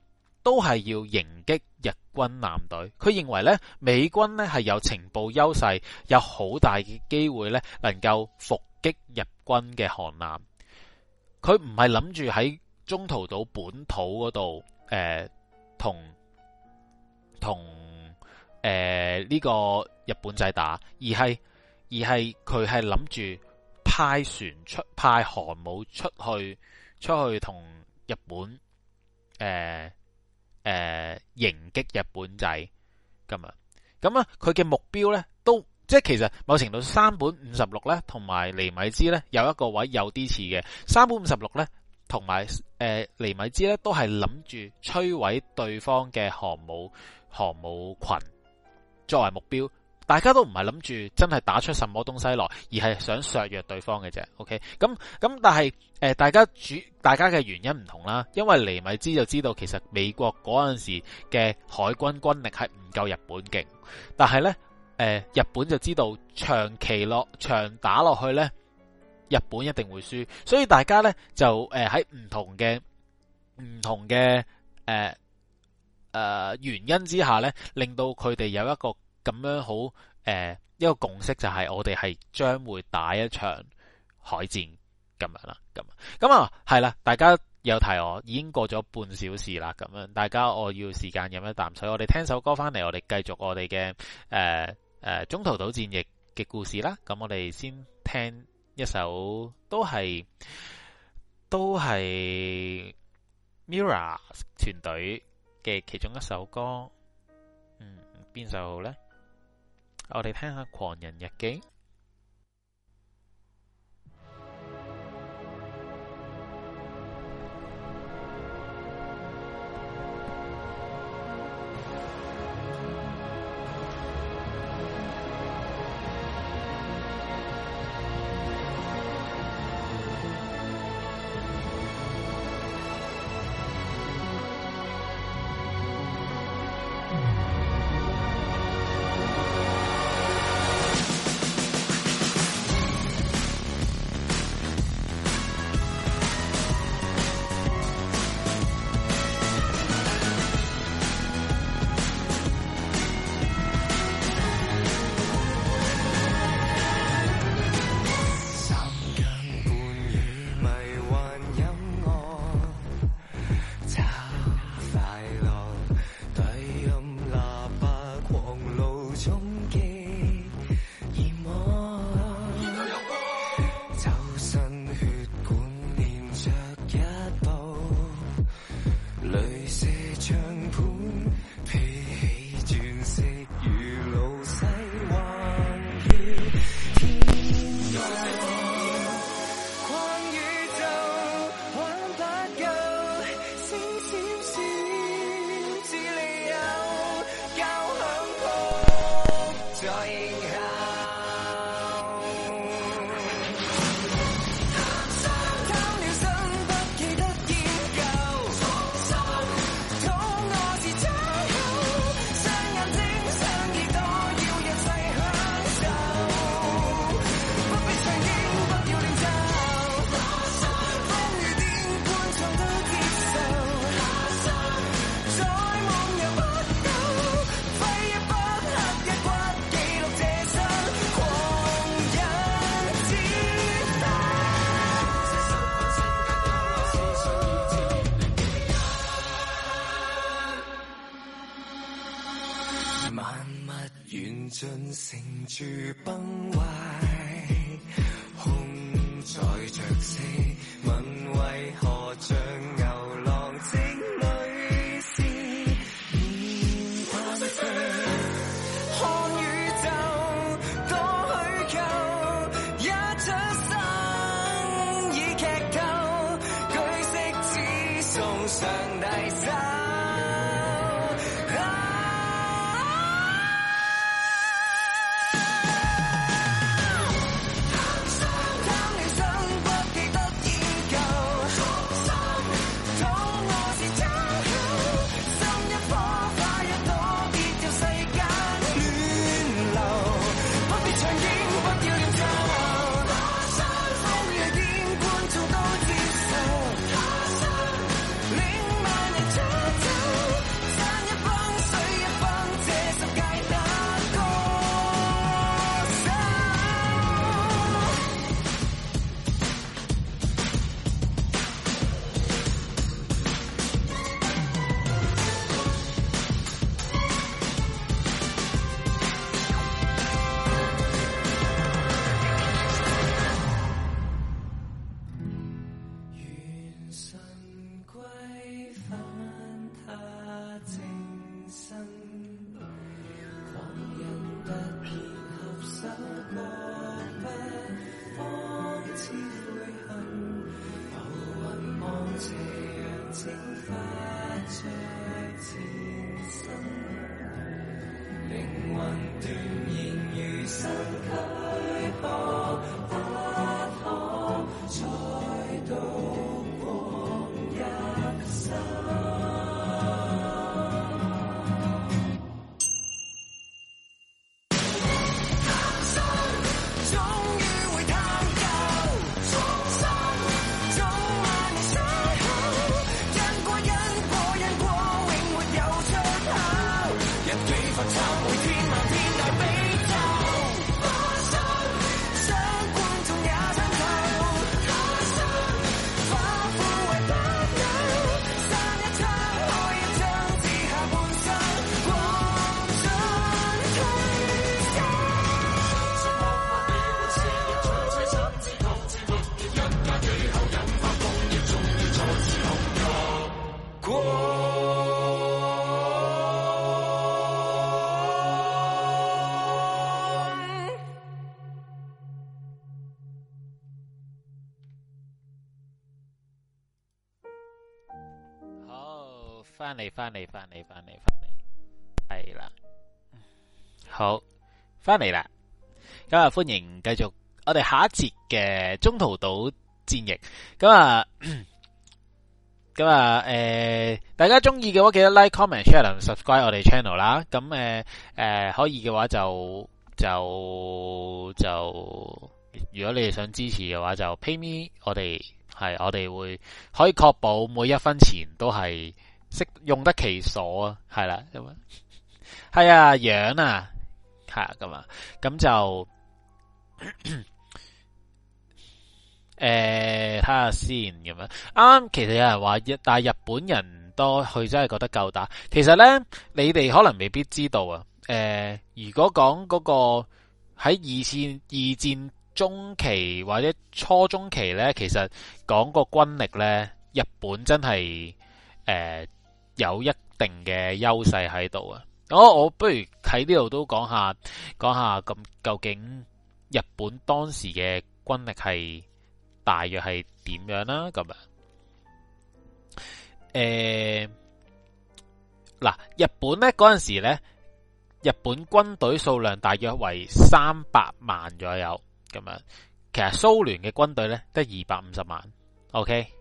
都係要迎擊日軍艦隊。佢認為咧，美軍咧係有情報優勢，有好大嘅機會咧，能夠服擊日軍嘅航艦，佢唔係諗住喺中途島本土嗰度，誒、呃，同同誒呢、呃這個日本仔打，而係而係佢係諗住派船出派航母出去，出去同日本，誒、呃、誒、呃、迎擊日本仔。咁啊咁啊，佢嘅目標咧都。即係其實某程度，山本五十六咧，同埋尼米茲咧，有一個位有啲似嘅。山本五十六咧，同埋誒尼米茲咧，都係諗住摧毀對方嘅航母航母群作為目標。大家都唔係諗住真係打出什麼東西來，而係想削弱對方嘅啫。OK，咁咁但係誒、呃、大家主大家嘅原因唔同啦。因為尼米茲就知道其實美國嗰陣時嘅海軍軍力係唔夠日本勁，但係咧。誒日本就知道長期落長打落去呢，日本一定會輸，所以大家呢，就誒喺唔同嘅唔同嘅誒誒原因之下呢，令到佢哋有一個咁樣好誒、呃、一個共識，就係我哋係將會打一場海戰咁樣啦，咁咁啊係啦，大家有提我已經過咗半小時啦，咁樣大家我要時間飲一啖水，我哋聽首歌翻嚟，我哋繼續我哋嘅誒。呃誒、呃、中途島戰役嘅故事啦，咁我哋先聽一首，都係都係 Mira 團隊嘅其中一首歌。嗯，邊首好咧？我哋聽下《狂人日記》。翻嚟，翻嚟，翻嚟，翻嚟，翻嚟，係啦，好翻嚟啦。咁啊，歡迎繼續我哋下一節嘅中途島戰役。咁啊，咁、嗯、啊，誒、呃，大家中意嘅話，記得 like comment share 同 subscribe 我哋 channel 啦。咁誒，誒、呃呃，可以嘅話就就就、就，如果你哋想支持嘅話，就 pay me。我哋係我哋會可以確保每一分錢都係。識用得其所啊，係啦咁啊，係啊，樣啊，係啊，咁啊，咁就誒睇下先咁啊。啱、嗯、其實有人話日，但係日本人多，佢真係覺得夠打。其實呢，你哋可能未必知道啊。誒、呃，如果講嗰、嗰個喺二戰二戰中期或者初中期呢，其實講個軍力呢，日本真係誒。呃有一定嘅優勢喺度啊！我、哦、我不如喺呢度都講下，講下咁究竟日本當時嘅軍力係大約係點樣啦、啊？咁樣，誒，嗱，日本呢嗰陣時咧，日本軍隊數量大約為三百萬左右咁樣。其實蘇聯嘅軍隊呢，得二百五十萬。OK。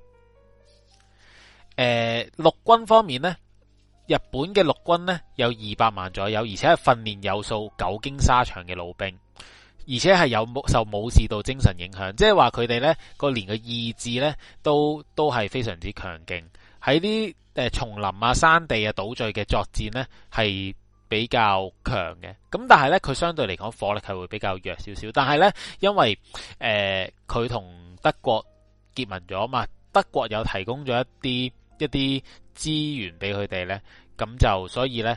誒、呃，陸軍方面呢，日本嘅陸軍呢，有二百萬左右，而且係訓練有素，久經沙場嘅老兵，而且係有受武士道精神影響，即係話佢哋呢個年嘅意志呢，都都係非常之強勁，喺啲誒叢林啊、山地啊、島嶼嘅作戰呢，係比較強嘅。咁但係呢，佢相對嚟講火力係會比較弱少少。但係呢，因為誒佢同德國結盟咗嘛，德國有提供咗一啲。一啲資源俾佢哋呢，咁就所以呢，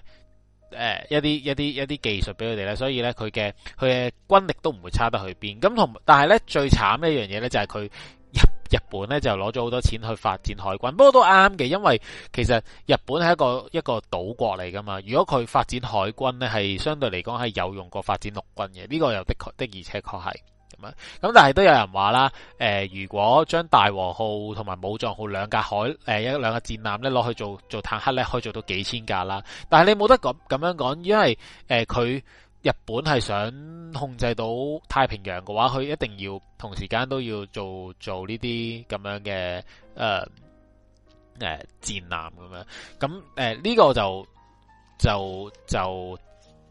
誒一啲一啲一啲技術俾佢哋呢。所以呢，佢嘅佢嘅軍力都唔會差得去邊。咁同但係呢，最慘嘅一樣嘢呢，就係佢日日本呢，就攞咗好多錢去發展海軍。不過都啱嘅，因為其實日本係一個一個島國嚟㗎嘛。如果佢發展海軍呢，係相對嚟講係有用過發展陸軍嘅。呢個又的確，的而且確係。咁，但係都有人話啦。誒、呃，如果將大和號同埋武藏號兩架海誒一兩架戰艦咧攞去做做坦克咧，可以做到幾千架啦。但係你冇得咁咁樣講，因為誒佢、呃、日本係想控制到太平洋嘅話，佢一定要同時間都要做做呢啲咁樣嘅誒誒戰艦咁樣。咁誒呢個就就就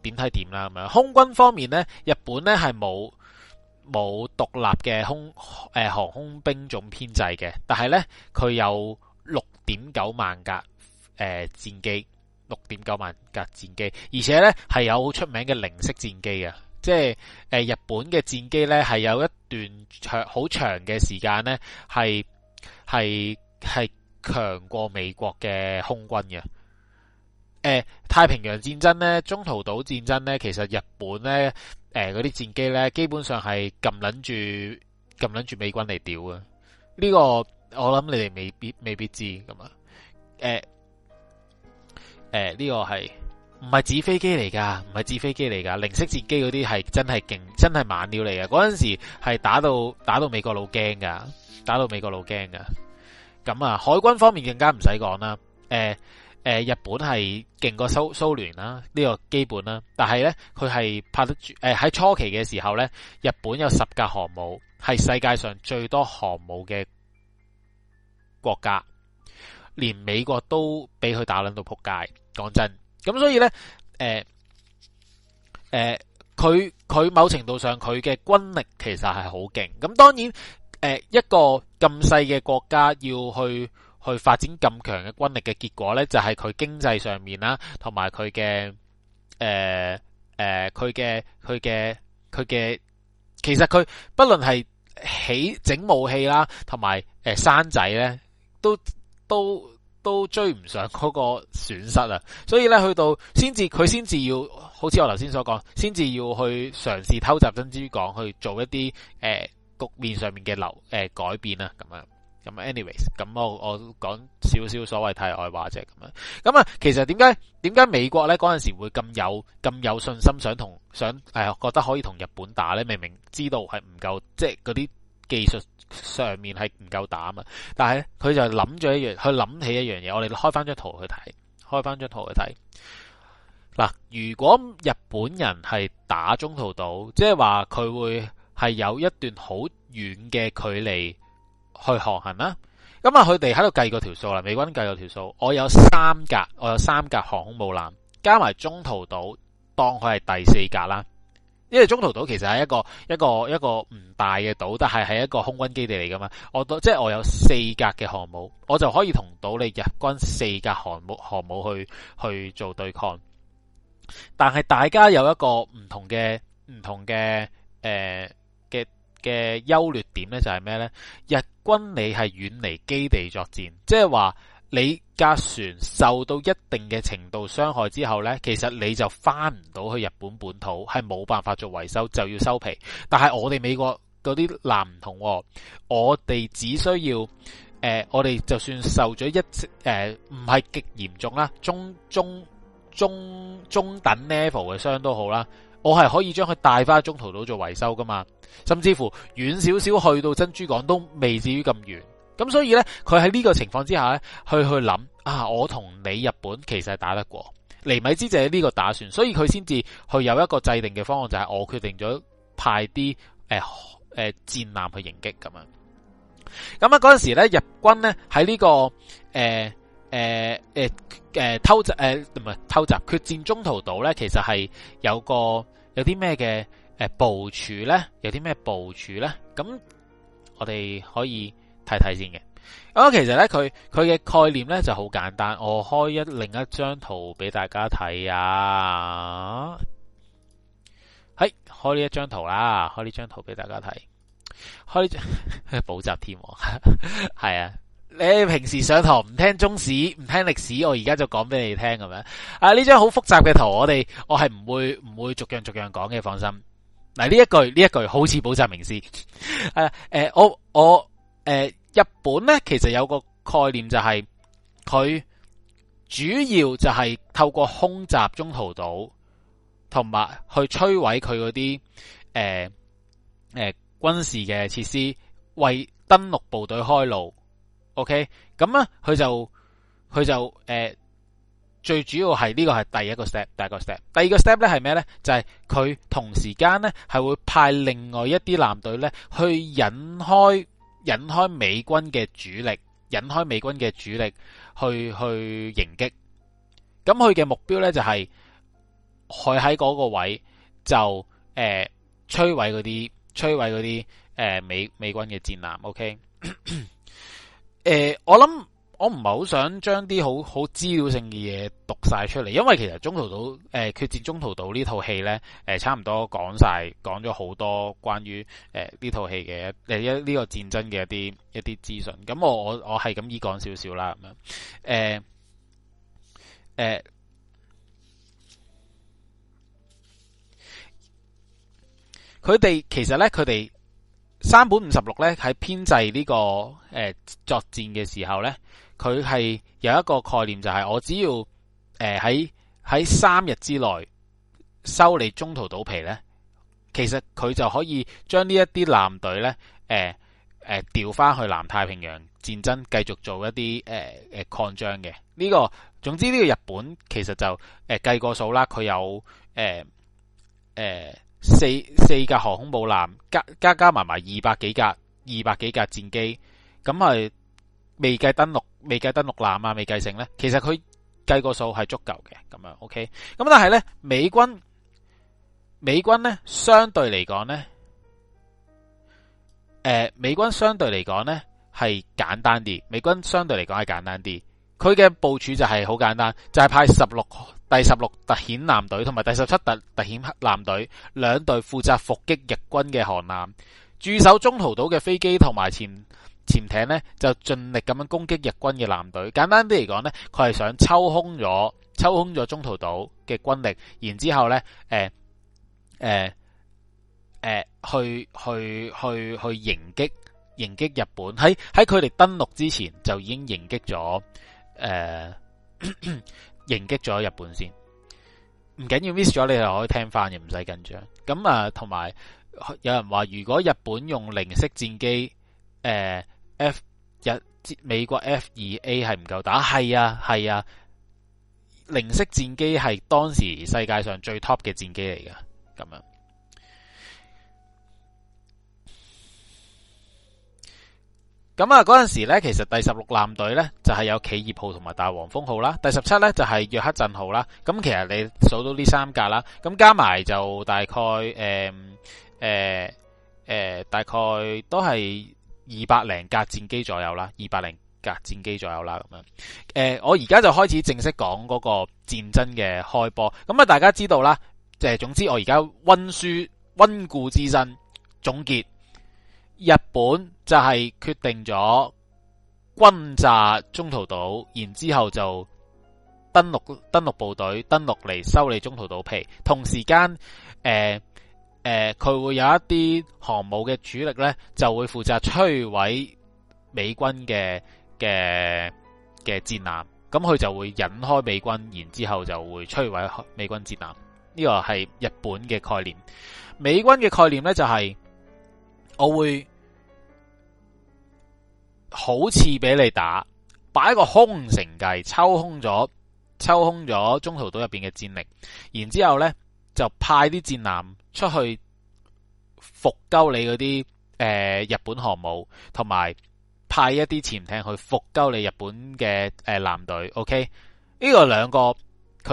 點睇點啦。咁樣空軍方面呢，日本呢係冇。冇獨立嘅空、呃、航空兵種編制嘅，但係呢，佢有六點九萬架戰機，六點九萬架戰機，而且呢，係有好出名嘅零式戰機啊！即係、呃、日本嘅戰機呢，係有一段長好長嘅時間呢，係係係強過美國嘅空軍嘅、呃。太平洋戰爭呢，中途島戰爭呢，其實日本呢。誒、呃，嗰啲戰機呢，基本上係撳捻住撳捻住美軍嚟屌嘅。呢、這個我諗你哋未必未必知咁啊。誒呢、呃呃這個係唔係紙飛機嚟噶？唔係紙飛機嚟噶，零式戰機嗰啲係真係勁，真係猛料嚟噶。嗰陣時係打到打到美國佬驚噶，打到美國佬驚噶。咁啊，海軍方面更加唔使講啦。誒、呃。誒，日本係勁過蘇蘇聯啦，呢、啊這個基本啦、啊。但係呢，佢係拍得住。誒、呃，喺初期嘅時候呢，日本有十架航母，係世界上最多航母嘅國家，連美國都俾佢打撚到仆街。講真，咁所以呢，誒、呃，誒、呃，佢佢某程度上佢嘅軍力其實係好勁。咁當然，誒、呃，一個咁細嘅國家要去。去發展咁強嘅軍力嘅結果呢，就係、是、佢經濟上面啦，同埋佢嘅誒誒，佢嘅佢嘅佢嘅，其實佢不論係起整武器啦，同埋誒生仔呢，都都都追唔上嗰個損失啊！所以呢，去到先至佢先至要，好似我頭先所講，先至要去嘗試偷襲珍珠港，去做一啲誒、呃、局面上面嘅流誒、呃、改變啊，咁樣。咁啊，anyways，咁我我講少少所謂題外話啫，咁樣。咁啊，其實點解點解美國咧嗰陣時會咁有咁有信心想同想誒覺得可以同日本打咧？明明知道係唔夠，即係嗰啲技術上面係唔夠打啊嘛。但係咧，佢就諗咗一樣，去諗起一樣嘢。我哋開翻張圖去睇，開翻張圖去睇。嗱，如果日本人係打中途島，即係話佢會係有一段好遠嘅距離。去航行啦。咁、嗯、啊，佢哋喺度計個條數啦。美軍計個條數，我有三格，我有三格航空母艦，加埋中途島當佢係第四格啦。因為中途島其實係一個一個一個唔大嘅島，但係係一個空軍基地嚟噶嘛。我即係我有四格嘅航母，我就可以同到你日軍四格航母航母去去做對抗。但係大家有一個唔同嘅唔同嘅誒。呃嘅優劣點咧就係咩呢？日軍你係遠離基地作戰，即係話你架船受到一定嘅程度傷害之後呢，其實你就翻唔到去日本本土，係冇辦法做維修就要收皮。但係我哋美國嗰啲艦唔同，我哋只需要誒、呃，我哋就算受咗一誒唔係極嚴重啦，中中中中等 level 嘅傷都好啦，我係可以將佢帶翻中途島做維修㗎嘛。甚至乎遠少少去到珍珠港都未至於咁遠，咁所以呢，佢喺呢個情況之下呢，去去諗啊，我同你日本其實係打得過，尼米茲就係呢個打算，所以佢先至去有一個制定嘅方案，就係、是、我決定咗派啲誒誒戰艦去迎擊咁樣。咁啊，嗰陣時咧，日軍呢喺呢、這個誒誒誒誒偷襲誒唔係偷襲決戰中途島呢，其實係有個有啲咩嘅。部署呢？有啲咩部署呢？咁我哋可以睇睇先嘅。咁其實呢，佢佢嘅概念呢就好簡單。我開一另一張圖俾大家睇啊！係、哎、開呢一張圖啦，開呢張圖俾大家睇。開補 習天王係啊！你平時上堂唔聽中史唔聽歷史，我而家就講俾你聽，咁樣啊，呢張好複雜嘅圖，我哋我係唔會唔會逐樣逐樣講嘅，放心。嗱，呢一句呢一句好似《補習名師。誒、呃、誒，我我誒、呃，日本咧其實有個概念就係、是，佢主要就係透過空襲中途島，同埋去摧毀佢嗰啲誒誒軍事嘅設施，為登陸部隊開路。OK，咁咧佢就佢就誒。呃最主要係呢個係第一個 step，第一個 step。第二個 step 呢係咩呢？就係、是、佢同時間呢係會派另外一啲艦隊呢去引開引開美軍嘅主力，引開美軍嘅主力去去迎擊。咁佢嘅目標呢就係，佢喺嗰個位就誒、呃、摧毀嗰啲摧毀嗰啲誒美美軍嘅戰艦。OK，誒、 呃、我諗。我唔係好想將啲好好資料性嘅嘢讀晒出嚟，因為其實中途島誒、呃、決戰中途島呢套戲呢，誒、呃、差唔多講晒，講咗好多關於誒呢套戲嘅一呢個戰爭嘅一啲一啲資訊。咁我我我係咁依講少少啦，咁樣誒誒，佢、呃、哋、呃、其實呢，佢哋山本五十六呢，喺編制呢、這個誒、呃、作戰嘅時候呢。佢係有一個概念，就係、是、我只要誒喺喺三日之內收你中途島皮咧，其實佢就可以將呢一啲艦隊咧誒誒調翻去南太平洋戰爭，繼續做一啲誒誒擴張嘅呢、這個。總之呢個日本其實就誒、呃、計個數啦，佢有誒誒四四架航空母艦加,加加加埋埋二百幾架二百幾架戰機，咁啊未計登陸。未計得六艦啊，未計成呢。其實佢計個數係足夠嘅，咁樣，OK，咁但係呢，美軍美軍呢，相對嚟講呢，誒美軍相對嚟講呢，係簡單啲，美軍相對嚟講係簡單啲，佢嘅部署就係好簡單，就係、是、派十六第十六特遣艦隊同埋第十七特特遣艦隊兩隊負責伏擊日軍嘅航艦，駐守中途島嘅飛機同埋前。潛艇呢就盡力咁樣攻擊日軍嘅艦隊。簡單啲嚟講呢，佢係想抽空咗抽空咗中途島嘅軍力，然之後呢，誒誒誒，去去去去迎擊迎擊日本。喺喺佢哋登陸之前就已經迎擊咗誒迎擊咗日本先。唔緊要，miss 咗你就可以聽翻，唔使緊張。咁啊，同埋有人話，如果日本用零式戰機。誒，F 日美國 F 二 A 係唔夠打，係啊係啊，零式戰機係當時世界上最 top 嘅戰機嚟噶，咁樣。咁啊，嗰陣時呢，其實第十六艦隊呢，就係、是、有企業號同埋大黃蜂號啦，第十七呢，就係、是、約克鎮號啦。咁其實你數到呢三架啦，咁加埋就大概誒誒、呃呃呃，大概都係。二百零架戰機左右啦，二百零架戰機左右啦咁樣。誒、呃，我而家就開始正式講嗰個戰爭嘅開波。咁啊，大家知道啦，即係總之我而家溫書溫故知新。總結。日本就係決定咗轟炸中途島，然之後就登陸，登陸部隊登陸嚟，修理中途島皮，同時間誒。呃誒、呃，佢會有一啲航母嘅主力呢，就會負責摧毀美軍嘅嘅嘅戰艦，咁佢就會引開美軍，然之後就會摧毀美軍戰艦。呢、呢個係日本嘅概念，美軍嘅概念呢、就係，就係我會好似俾你打，擺一個空城計，抽空咗抽空咗中途島入邊嘅戰力，然之後呢就派啲戰艦。出去復鳩你嗰啲，誒、呃、日本航母，同埋派一啲潛艇去復鳩你日本嘅誒艦隊，OK？呢個兩個佢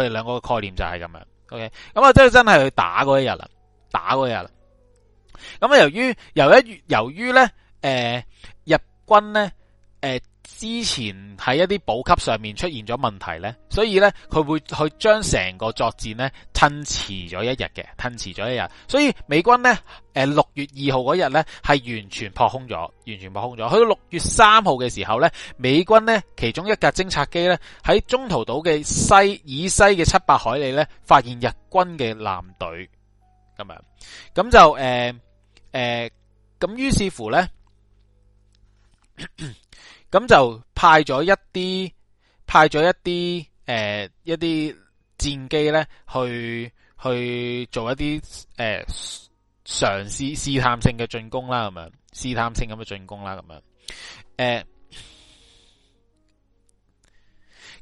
哋兩個嘅概念就係咁樣，OK？咁啊真真係去打嗰一日啦，打嗰日啦。咁啊由於由於由於咧，誒、呃、日軍咧，誒、呃。之前喺一啲補給上面出現咗問題呢，所以呢，佢會去將成個作戰呢褪遲咗一日嘅，褪遲咗一日。所以美軍呢，誒、呃、六月二號嗰日那天呢係完全撲空咗，完全撲空咗。去到六月三號嘅時候呢，美軍呢其中一架偵察機呢喺中途島嘅西以西嘅七百海里呢發現日軍嘅艦隊。咁樣，咁就誒誒，咁、呃、於、呃、是乎呢。 咁就派咗一啲派咗一啲誒、呃、一啲戰機咧去去做一啲誒嘗試試探性嘅進攻啦，咁樣試探性咁嘅進攻啦，咁樣誒，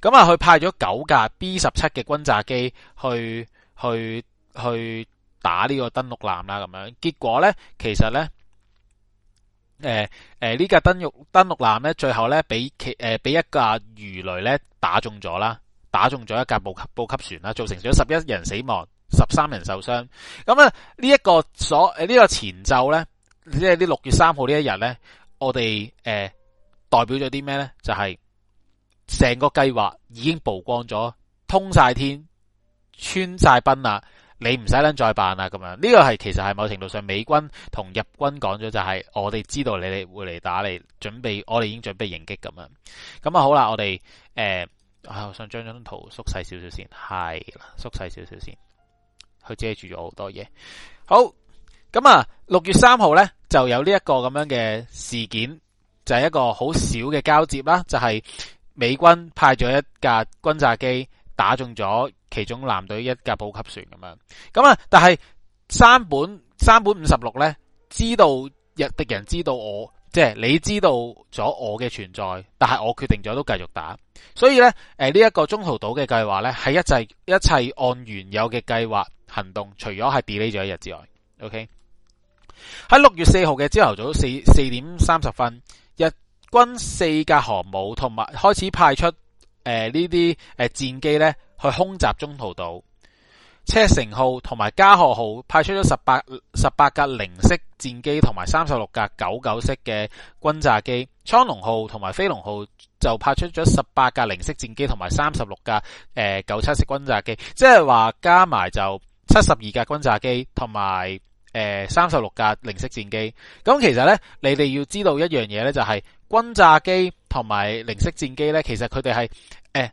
咁啊佢派咗九架 B 十七嘅轟炸機去去去打呢個登陸艦啦，咁樣結果咧其實咧。誒、呃、誒，呢、呃、架登陸登陸艦咧，最後咧俾其誒俾一架魚雷咧打中咗啦，打中咗一架補補給船啦，造成咗十一人死亡，十三人受傷。咁啊呢一、這個所誒呢、呃這個前奏咧，即係呢六月三號呢一日咧，我哋誒、呃、代表咗啲咩咧？就係、是、成個計劃已經曝光咗，通晒天，穿晒崩啦。你唔使諗再辦啦，咁樣呢、呢個係其實係某程度上美軍同日軍講咗就係、是、我哋知道你哋會嚟打你，準備我哋已經準備迎擊咁樣。咁啊好啦，我哋誒、呃，我想將張圖縮細少少先，係縮細少少先，佢遮住咗好多嘢，好，咁啊六月三號呢，就有呢一個咁樣嘅事件，就係、是、一個好小嘅交接啦，就係、是、美軍派咗一架轟炸機打中咗。其中，藍隊一架補給船咁啊，咁啊，但係山本山本五十六呢，知道日敵人知道我，即係你知道咗我嘅存在，但係我決定咗都繼續打，所以呢，呢、呃、一、呢個中途島嘅計劃呢，係一切一切按原有嘅計劃行動，除咗係 delay 咗一日之外，OK 喺六月四號嘅朝頭早四四點三十分，日軍四架航母同埋開始派出誒呢啲戰機呢。去空襲中途島，赤城號同埋加賀號派出咗十八十八架零式戰機同埋三十六架九九式嘅轟炸機，蒼龍號同埋飛龍號就派出咗十八架零式戰機同埋三十六架誒九七式轟炸機，即係話加埋就七十二架轟炸機同埋誒三十六架零式戰機。咁其實呢，你哋要知道一樣嘢呢，就係轟炸機同埋零式戰機呢，其實佢哋係誒。呃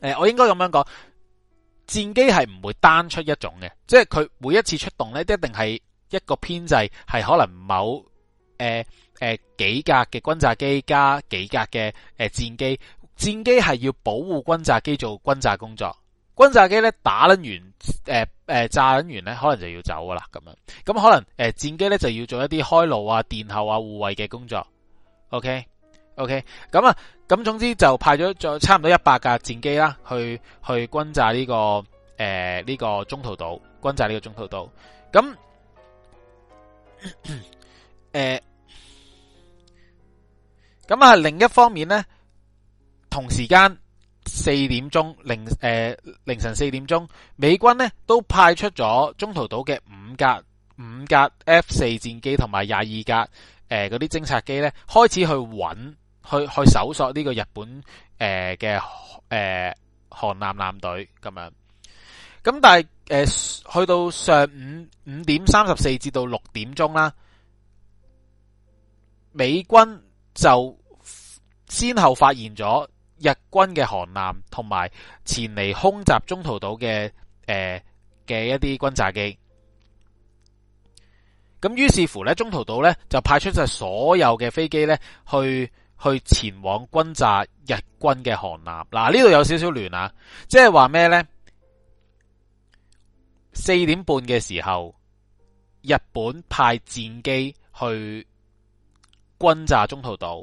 誒、呃，我應該咁樣講，戰機係唔會單出一種嘅，即係佢每一次出動呢都一定係一個編制，係可能某誒誒、呃呃、幾架嘅轟炸機加幾架嘅誒戰機，戰機係要保護轟炸機做轟炸工作，轟炸機咧打撚完，誒、呃、誒炸撚完咧，可能就要走噶啦，咁樣，咁可能誒、呃、戰機咧就要做一啲開路啊、殿後啊、護衛嘅工作，OK。O.K. 咁啊，咁總之就派咗咗差唔多一百架戰機啦，去去轟炸呢個誒呢個中途島，轟炸呢個中途島。咁誒，咁啊另一方面咧，同時間四點鐘零誒凌晨四點鐘，美軍咧都派出咗中途島嘅五架五架 F 四戰機同埋廿二架誒嗰啲偵察機咧，開始去搵。去去搜索呢個日本誒嘅，誒航艦艦隊咁樣，咁但係誒、呃、去到上午五點三十四至到六點鐘啦，美軍就先後發現咗日軍嘅航艦同埋前嚟空襲中途島嘅誒嘅一啲轟炸機，咁於是乎呢，中途島呢就派出晒所有嘅飛機呢去。去前往轟炸日軍嘅航艦，嗱，呢度有少少亂啊！即係話咩呢？四點半嘅時候，日本派戰機去轟炸中途島；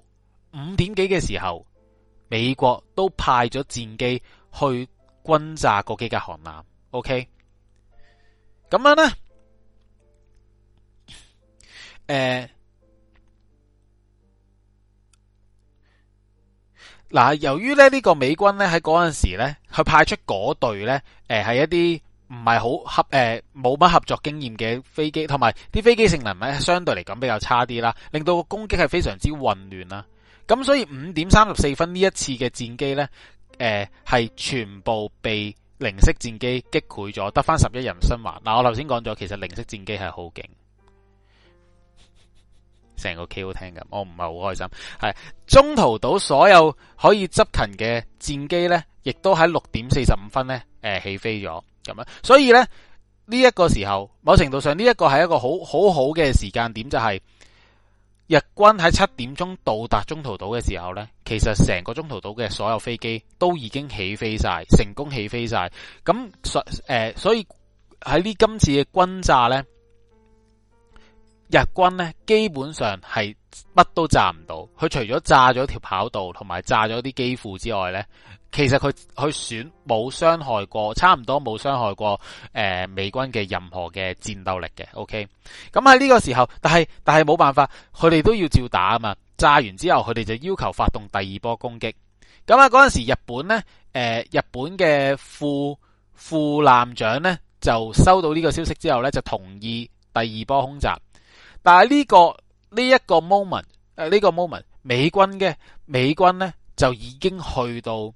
五點幾嘅時候，美國都派咗戰機去轟炸嗰幾架航艦。OK，咁樣呢。誒、呃。嗱，由於咧呢個美軍咧喺嗰陣時咧，佢派出嗰隊咧，誒、呃、係一啲唔係好合，誒冇乜合作經驗嘅飛機，同埋啲飛機性能咧相對嚟講比較差啲啦，令到攻擊係非常之混亂啦。咁所以五點三十四分呢一次嘅戰機咧，誒、呃、係全部被零式戰機擊潰咗，得翻十一人生還。嗱、呃，我頭先講咗，其實零式戰機係好勁。成個 K 好聽噶，我唔係好開心。係中途島所有可以執勤嘅戰機咧，亦都喺六點四十五分咧，誒起飛咗咁樣。所以咧呢一個時候，某程度上呢一個係一個好好好嘅時間點，就係日軍喺七點鐘到達中途島嘅時候咧，其實成個中途島嘅所有飛機都已經起飛晒，成功起飛晒。咁實誒，所以喺呢今次嘅轟炸咧。日軍咧，基本上係乜都炸唔到。佢除咗炸咗條跑道，同埋炸咗啲機庫之外呢，其實佢佢選冇傷害過，差唔多冇傷害過誒、呃、美軍嘅任何嘅戰鬥力嘅。OK. 咁喺呢個時候，但係但係冇辦法，佢哋都要照打啊嘛。炸完之後，佢哋就要求發動第二波攻擊。咁啊，嗰陣時日本呢，誒、呃、日本嘅副副艦長呢就收到呢個消息之後呢，就同意第二波空襲。但係、這、呢個呢一、這個 moment 誒、呃、呢、這個 moment 美軍嘅美軍呢，就已經去到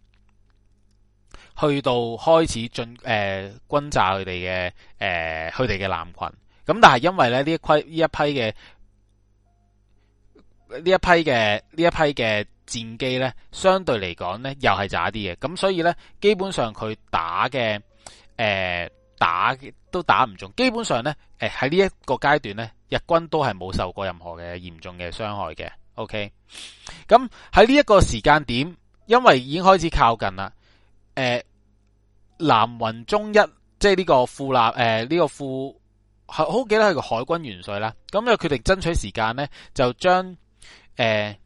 去到開始進誒、呃、轟炸佢哋嘅誒佢哋嘅艦群，咁但係因為咧呢一批呢一批嘅呢一批嘅呢一批嘅戰機呢相對嚟講呢，又係渣啲嘅，咁所以呢，基本上佢打嘅誒。呃打都打唔中，基本上呢，誒喺呢一個階段呢，日軍都係冇受過任何嘅嚴重嘅傷害嘅。OK，咁喺呢一個時間點，因為已經開始靠近啦、呃，南雲忠一即係呢個富立，誒、呃、呢、這個富，好記得係個海軍元帥啦。咁就決定爭取時間呢，就將誒、呃、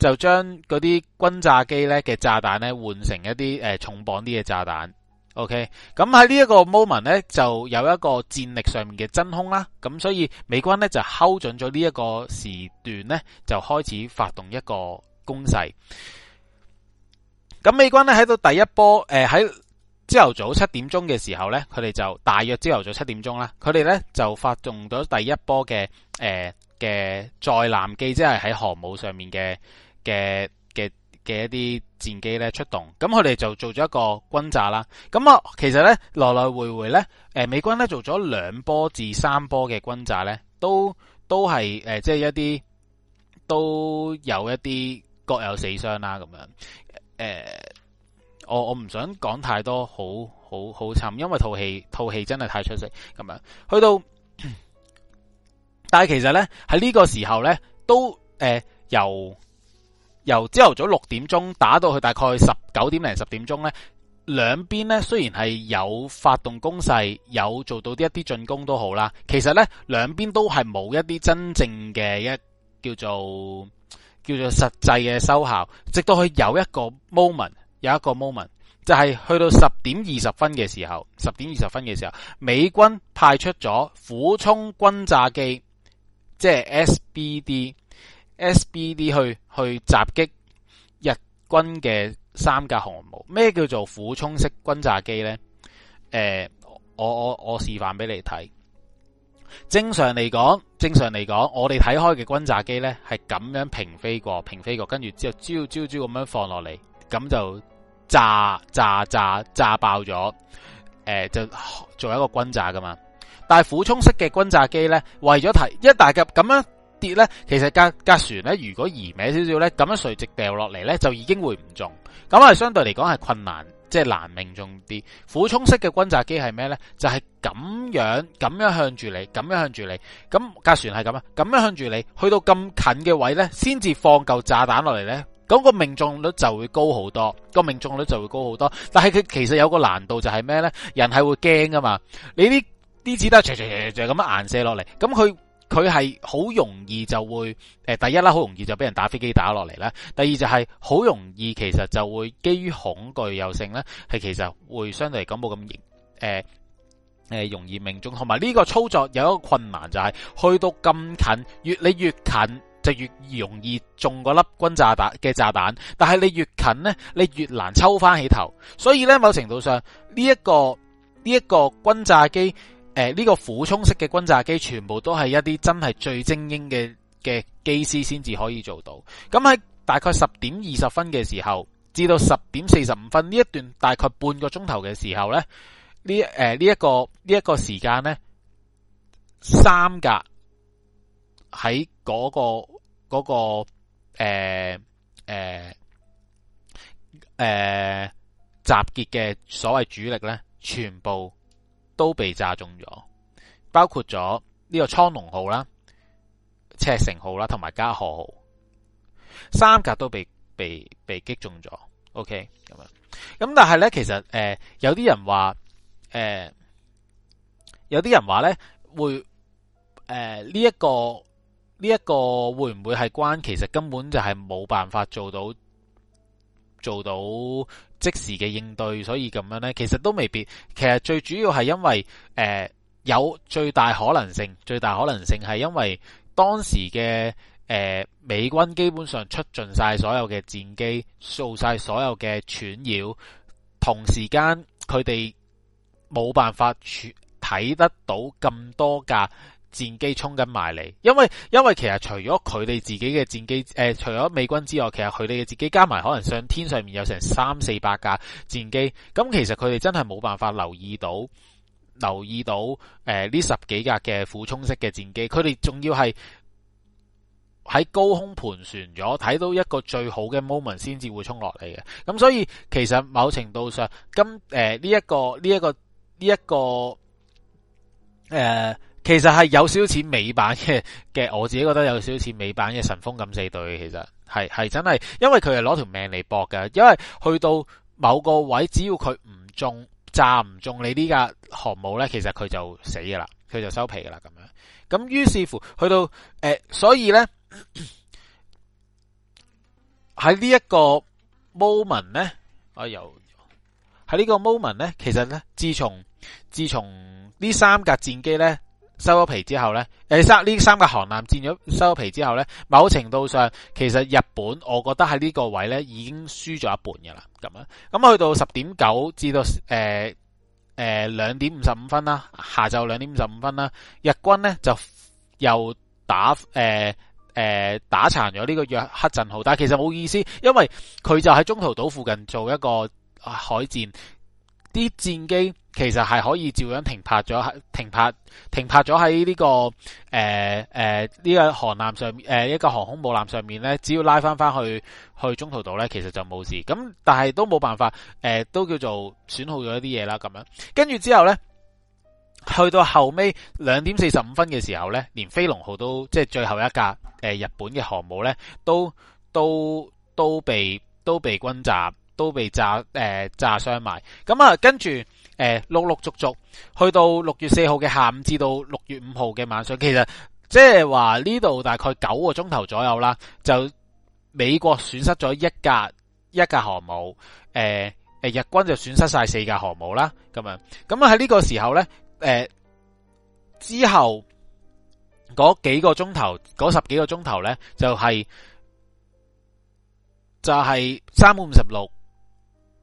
就將嗰啲轟炸機呢嘅炸彈呢，換成一啲誒、呃、重磅啲嘅炸彈。O.K. 咁喺呢一個 moment 呢，就有一個戰力上面嘅真空啦。咁所以美軍呢，就敲準咗呢一個時段呢，就開始發動一個攻勢。咁美軍呢，喺到第一波，誒喺朝頭早七點鐘嘅時候呢，佢哋就大約朝頭早七點鐘啦。佢哋呢，就發動咗第一波嘅，誒、呃、嘅、就是、載艦機，即係喺航母上面嘅嘅。嘅一啲戰機咧出動，咁佢哋就做咗一個轟炸啦。咁啊，其實咧來來回回咧，誒，美軍咧做咗兩波至三波嘅轟炸咧，都都係誒，即、呃、係、就是、一啲都有一啲各有死傷啦。咁樣，誒、呃，我我唔想講太多，好好好慘，因為套戲套戲真係太出色。咁樣去到， 但係其實咧喺呢個時候咧，都誒、呃、由。由朝頭早六點鐘打到去大概十九點零十點鐘呢，兩邊呢雖然係有發動攻勢，有做到啲一啲進攻都好啦。其實呢兩邊都係冇一啲真正嘅一叫做叫做實際嘅收效，直到佢有一個 moment，有一個 moment 就係去到十點二十分嘅時候，十點二十分嘅時候，美軍派出咗俯衝轟炸機，即係 SBD SBD 去。去襲擊日軍嘅三架航母。咩叫做俯衝式轟炸機呢？呃、我我我示範俾你睇。正常嚟講，正常嚟講，我哋睇開嘅轟炸機呢係咁樣平飛過，平飛過，跟住之後，招招招咁樣放落嚟，咁就炸炸炸炸爆咗、呃。就做一個轟炸噶嘛。但係俯衝式嘅轟炸機呢，為咗提一大腳咁樣。其實架架船咧，如果移歪少少呢咁樣垂直掉落嚟呢，就已經會唔中。咁啊，相對嚟講係困難，即係難命中啲。俯衝式嘅轟炸機係咩呢？就係、是、咁樣咁樣向住你，咁樣向住你。咁架船係咁啊，咁樣向住你，去到咁近嘅位呢，先至放嚿炸彈落嚟呢。咁個命中率就會高好多，個命中率就會高好多。但係佢其實有個難度就係咩呢？人係會驚噶嘛？你啲啲子彈隨隨隨隨咁樣橫射落嚟，咁佢。佢係好容易就會誒，第一啦，好容易就俾人打飛機打落嚟啦。第二就係好容易，其實就會基於恐懼有剩咧，係其實會相對嚟講冇咁容易誒誒，容易命中。同埋呢個操作有一個困難就係、是、去到咁近，越你越近就越容易中嗰粒轟炸彈嘅炸彈。但係你越近呢，你越難抽翻起頭。所以呢，某程度上呢一、這個呢一、這個轟炸機。誒、呃，呢、呢個俯衝式嘅轟炸機，全部都係一啲真係最精英嘅嘅機師先至可以做到。咁喺大概十點二十分嘅時候，至到十點四十五分呢一段大概半個鐘頭嘅時候呢呢一、呃個呢一、個時間咧，三架喺嗰、嗰個嗰、嗰個誒誒誒集結嘅所謂主力呢，全部。都被炸中咗，包括咗呢個蒼龍號啦、赤城號啦，同埋加賀號，三架都被被被擊中咗。OK，咁樣。咁但係咧，其實誒、呃，有啲人話，誒、呃，有啲人話咧會，誒、呃，呢、這、一個呢一、這個會唔會係關？其實根本就係冇辦法做到。做到即時嘅應對，所以咁樣咧，其實都未必。其實最主要係因為誒、呃、有最大可能性，最大可能性係因為當時嘅誒、呃、美軍基本上出盡晒所有嘅戰機掃晒所有嘅竄擾，同時間佢哋冇辦法處睇得到咁多架。戰機衝緊埋嚟，因為因為其實除咗佢哋自己嘅戰機，誒、呃、除咗美軍之外，其實佢哋嘅自己加埋可能上天上面有成三四百架戰機，咁其實佢哋真係冇辦法留意到，留意到誒呢、呃、十幾架嘅俯衝式嘅戰機，佢哋仲要係喺高空盤旋咗，睇到一個最好嘅 moment 先至會衝落嚟嘅，咁所以其實某程度上，咁誒呢一個呢一個呢一個誒。呃其實係有少少似美版嘅嘅，我自己覺得有少少似美版嘅神風敢死隊。其實係係真係，因為佢係攞條命嚟搏㗎。因為去到某個位，只要佢唔中炸唔中你呢架航母呢，其實佢就死噶啦，佢就收皮噶啦。咁樣咁，於是乎去到誒、呃，所以呢，喺呢一個 moment 呢，啊，又喺呢個 moment 呢，其實呢，自從自從呢三架戰機呢。收咗皮之後呢，誒、呃，這三呢三嘅航艦戰咗，收咗皮之後呢，某程度上其實日本，我覺得喺呢個位呢已經輸咗一半噶啦。咁啊，咁去到十點九至到誒誒兩點五十五分啦，下晝兩點五十五分啦，日軍呢就又打誒誒、呃呃、打殘咗呢個約克鎮號，但係其實冇意思，因為佢就喺中途島附近做一個海戰。啲戰機其實係可以照樣停泊咗，停泊停泊咗喺呢個誒誒呢個航艦上面，誒、呃、一個航空母艦上面咧，只要拉翻翻去去中途島咧，其實就冇事。咁但係都冇辦法，誒、呃、都叫做損耗咗一啲嘢啦咁樣。跟住之後咧，去到後尾兩點四十五分嘅時候咧，連飛龍號都即係最後一架、呃、日本嘅航母咧，都都都被都被轟炸。都被炸誒、呃、炸傷埋，咁啊跟住誒陸陸續續去到六月四號嘅下午至到六月五號嘅晚上，其實即係話呢度大概九個鐘頭左右啦，就美國損失咗一架一架航母，誒、呃、誒日軍就損失晒四架航母啦，咁樣咁啊喺呢個時候咧，誒、呃、之後嗰幾個鐘頭嗰十幾個鐘頭咧就係、是、就係三五五十六。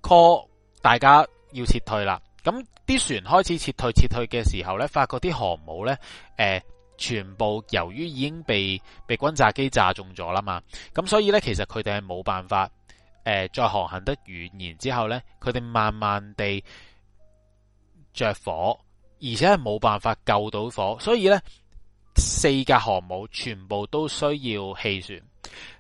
call 大家要撤退啦。咁啲船開始撤退，撤退嘅時候呢，發覺啲航母呢，誒、呃，全部由於已經被被轟炸機炸中咗啦嘛。咁所以呢，其實佢哋係冇辦法誒、呃、再航行得遠。然之後呢，佢哋慢慢地着火，而且係冇辦法救到火，所以呢，四架航母全部都需要棄船。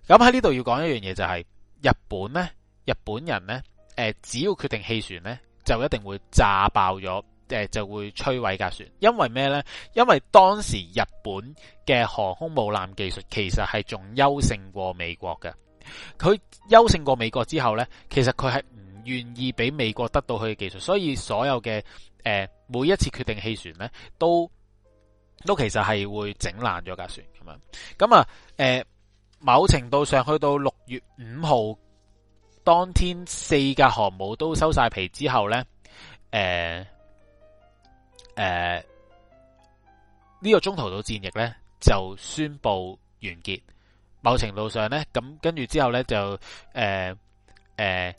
咁喺呢度要講一樣嘢就係、是、日本呢，日本人呢誒，只要決定棄船呢，就一定會炸爆咗，誒就會摧毀架船。因為咩呢？因為當時日本嘅航空母艦技術其實係仲優勝過美國嘅。佢優勝過美國之後呢，其實佢係唔願意俾美國得到佢嘅技術，所以所有嘅誒每一次決定棄船呢，都都其實係會整爛咗架船咁樣。咁啊，誒、呃，某程度上去到六月五號。當天四架航母都收晒皮之後咧，誒誒呢個中途島戰役咧就宣布完結。某程度上咧，咁跟住之後咧就誒誒、呃呃，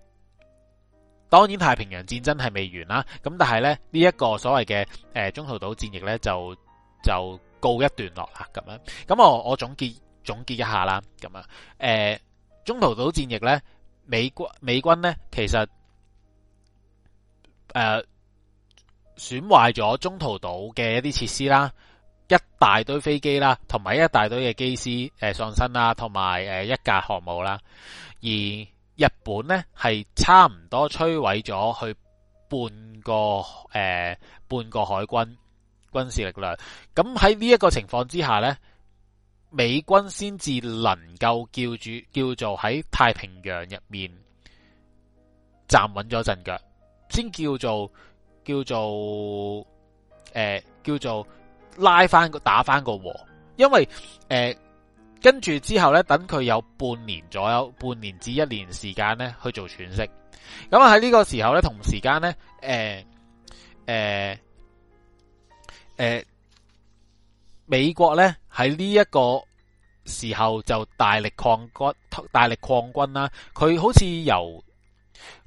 當然太平洋戰爭係未完啦。咁但係咧呢一、這個所謂嘅誒中途島戰役咧就就告一段落啦。咁樣咁我我總結總結一下啦。咁啊，誒、呃、中途島戰役咧。美軍美軍呢其實誒損壞咗中途島嘅一啲設施啦，一大堆飛機啦，同埋一大堆嘅機師誒、呃、喪身啦，同埋誒一架航母啦。而日本呢，係差唔多摧毀咗佢半個誒、呃、半個海軍軍事力量。咁喺呢一個情況之下呢。美軍先至能夠叫住叫做喺太平洋入面站穩咗陣腳，先叫做叫做誒、呃、叫做拉翻個打翻個和，因為誒跟住之後咧，等佢有半年左右、半年至一年時間咧去做喘息。咁啊喺呢個時候咧，同時間咧，誒誒誒。呃呃美國咧喺呢一個時候就大力抗軍，大力抗軍啦、啊，佢好似由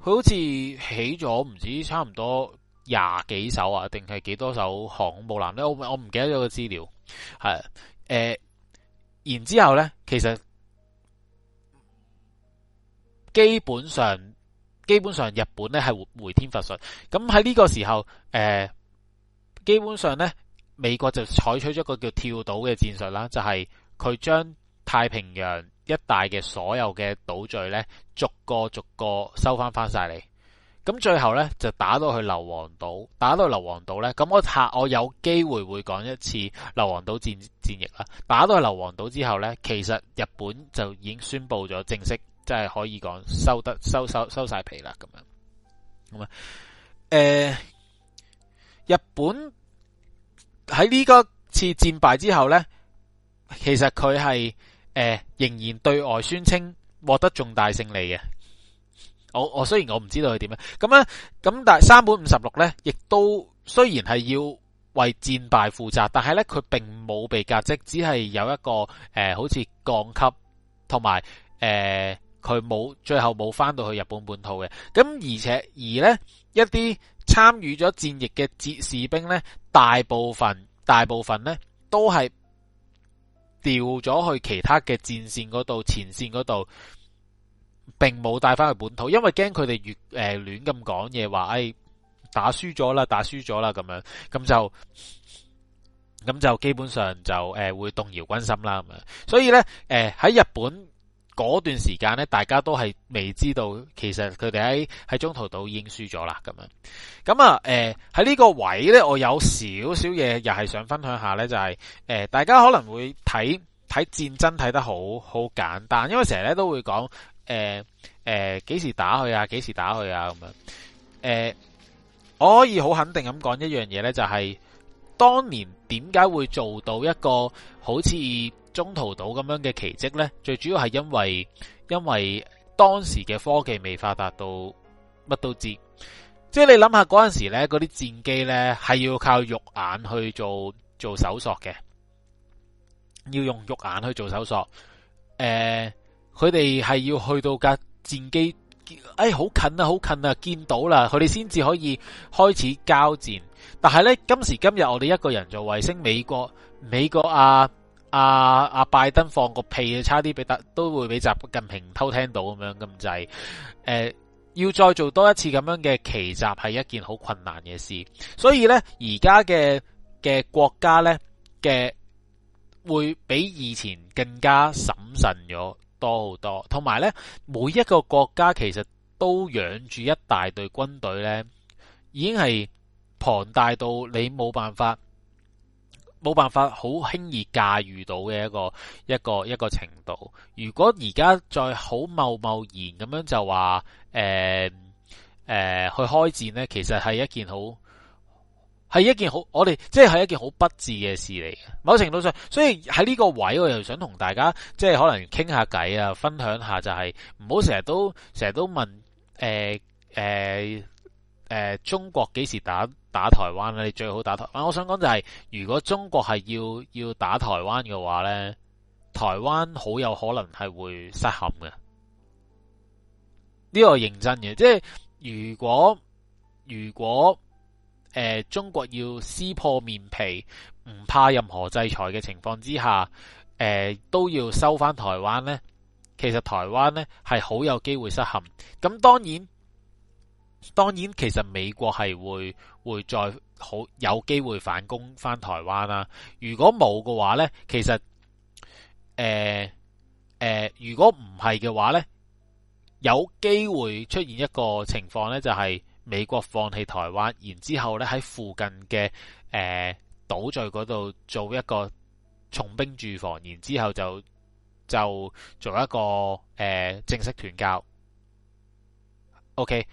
佢好似起咗唔知差唔多廿幾艘啊，定係幾多艘航空母艦咧？我我唔記得咗個資料，係誒、呃，然之後咧，其實基本上基本上日本咧係回回天乏術，咁喺呢個時候誒、呃，基本上咧。美國就採取咗一個叫跳島嘅戰術啦，就係佢將太平洋一帶嘅所有嘅島嶼呢逐個逐個收翻翻晒嚟。咁最後呢，就打到去硫磺島，打到硫磺島呢，咁我下我有機會會講一次硫磺島戰戰役啦。打到去硫磺島之後呢，其實日本就已經宣布咗正式，即係可以講收得收收收晒皮啦咁樣。咁啊、呃，日本。喺呢個次戰敗之後呢，其實佢係誒仍然對外宣稱獲得重大勝利嘅。我我雖然我唔知道佢點樣咁咧，咁但係山本五十六呢，亦都雖然係要為戰敗負責，但係呢，佢並冇被革職，只係有一個誒、呃、好似降級，同埋誒佢冇最後冇翻到去日本本土嘅。咁而且而呢。一啲參與咗戰役嘅浙士兵咧，大部分大部分咧都係調咗去其他嘅戰線嗰度前線嗰度，並冇帶翻去本土，因為驚佢哋越誒亂咁講嘢，呃、話誒打輸咗啦，打輸咗啦咁樣，咁就咁就基本上就誒、呃、會動搖軍心啦咁樣，所以咧誒喺日本。嗰段時間呢，大家都係未知道，其實佢哋喺喺中途島已經輸咗啦，咁樣咁啊，誒喺呢個位呢，我有少少嘢又係想分享下呢就係、是、誒、呃、大家可能會睇睇戰爭睇得好好簡單，因為成日咧都會講誒誒幾時打佢啊，幾時打佢啊咁樣誒、呃，我可以好肯定咁講一樣嘢呢，就係、是、當年點解會做到一個好似。中途島咁樣嘅奇迹呢，最主要係因為因為當時嘅科技未發達到乜都知，即係你諗下嗰陣時呢，嗰啲戰機呢係要靠肉眼去做做搜索嘅，要用肉眼去做搜索。誒、呃，佢哋係要去到架戰機，誒、哎，好近啊，好近啊，見到啦，佢哋先至可以開始交戰。但係呢，今時今日我哋一個人做衛星，美國美國啊。啊，阿拜登放個屁啊，差啲俾得都會俾習近平偷聽到咁樣咁滯。誒、呃，要再做多一次咁樣嘅奇襲係一件好困難嘅事，所以咧，而家嘅嘅國家咧嘅會比以前更加審慎咗多好多，同埋咧，每一個國家其實都養住一大隊軍隊咧，已經係龐大到你冇辦法。冇辦法好輕易駕馭到嘅一個一個一個程度。如果而家再好貿貿然咁樣就話，誒、欸、誒、欸、去開戰呢，其實係一件好係一件好，我哋即係係一件好不智嘅事嚟嘅。某程度上，所以喺呢個位，我又想同大家即係可能傾下偈啊，分享下就係唔好成日都成日都問，誒、欸、誒。欸誒，中國幾時打打台灣咧？你最好打台灣。我想講就係，如果中國係要要打台灣嘅話呢，台灣好有可能係會失陷嘅。呢個係認真嘅，即係如果如果誒中國要撕破面皮，唔怕任何制裁嘅情況之下，誒都要收翻台灣呢，其實台灣呢係好有機會失陷。咁當然。當然，其實美國係會會再好有機會反攻返台灣啦。如果冇嘅話呢，其實誒誒，呃呃，如果唔係嘅話呢，有機會出現一個情況呢，就係美國放棄台灣，然之後咧喺附近嘅誒島在嗰度做一個重兵住防，然之後就就做一個誒，呃，正式團教。OK。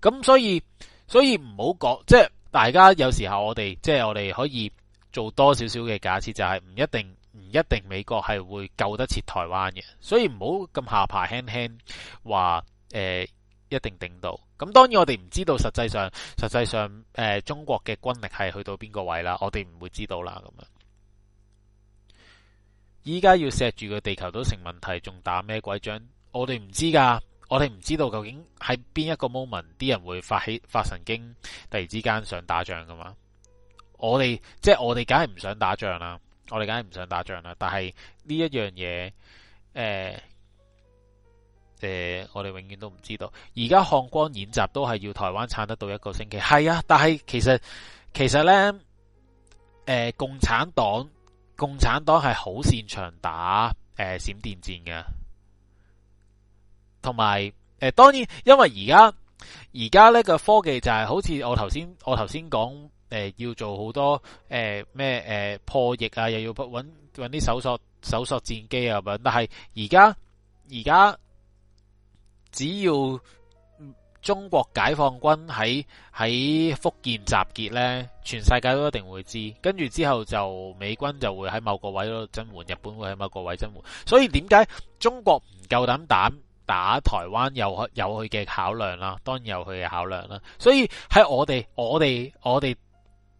咁所以，所以唔好講，即係大家有時候我哋，即係我哋可以做多少少嘅假設，就係唔一定，唔一定美國係會救得切台灣嘅。所以唔好咁下巴輕輕話誒一定頂到。咁當然我哋唔知道實際上，實際上誒、呃、中國嘅軍力係去到邊個位啦，我哋唔會知道啦。咁樣，依家要錫住個地球都成問題，仲打咩鬼仗？我哋唔知噶。我哋唔知道究竟喺邊一個 moment 啲人會發起發神經，突然之間想打仗噶嘛？我哋即係我哋梗係唔想打仗啦，我哋梗係唔想打仗啦。但係呢一樣嘢，誒、呃呃、我哋永遠都唔知道。而家漢光演習都係要台灣撐得到一個星期，係啊。但係其實其實呢，誒、呃，共產黨共產黨係好擅長打誒、呃、閃電戰嘅。同埋，誒、呃，當然，因為而家而家呢個科技就係、是、好似我頭先我頭先講，誒、呃，要做好多誒咩誒破譯啊，又要搵搵啲搜索搜索戰機啊咁。但係而家而家只要中國解放軍喺喺福建集結呢，全世界都一定會知。跟住之後就美軍就會喺某個位度增援，日本會喺某個位增援。所以點解中國唔夠膽膽？打台灣有有佢嘅考量啦。當然有佢嘅考量啦。所以喺我哋我哋我哋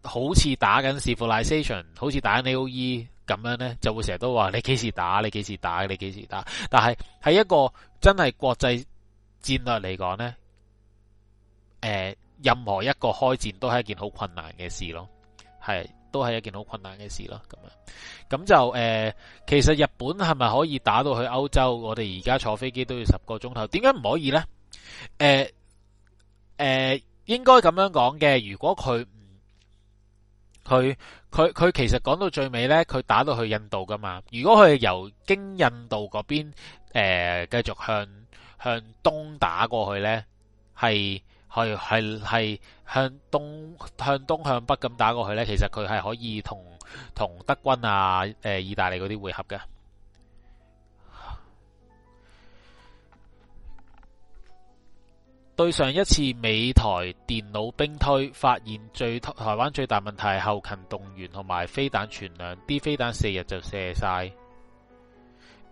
好似打緊 civilisation，好似打緊 A O E 咁樣咧，就會成日都話你幾時打，你幾時打，你幾時打。但係喺一個真係國際戰略嚟講咧，誒、呃，任何一個開戰都係一件好困難嘅事咯，係。都係一件好困難嘅事囉。咁樣咁就誒、呃，其實日本係咪可以打到去歐洲？我哋而家坐飛機都要十個鐘頭，點解唔可以呢？誒、呃、誒、呃，應該咁樣講嘅，如果佢唔佢佢佢其實講到最尾呢，佢打到去印度噶嘛？如果佢由經印度嗰邊誒繼續向向東打過去呢，係。係係係，向東向東向北咁打過去呢。其實佢係可以同同德軍啊、誒、呃、意大利嗰啲會合嘅。對上一次美台電腦兵推，發現最台灣最大問題係後勤動員同埋飛彈存量，啲飛彈四日就射晒。誒、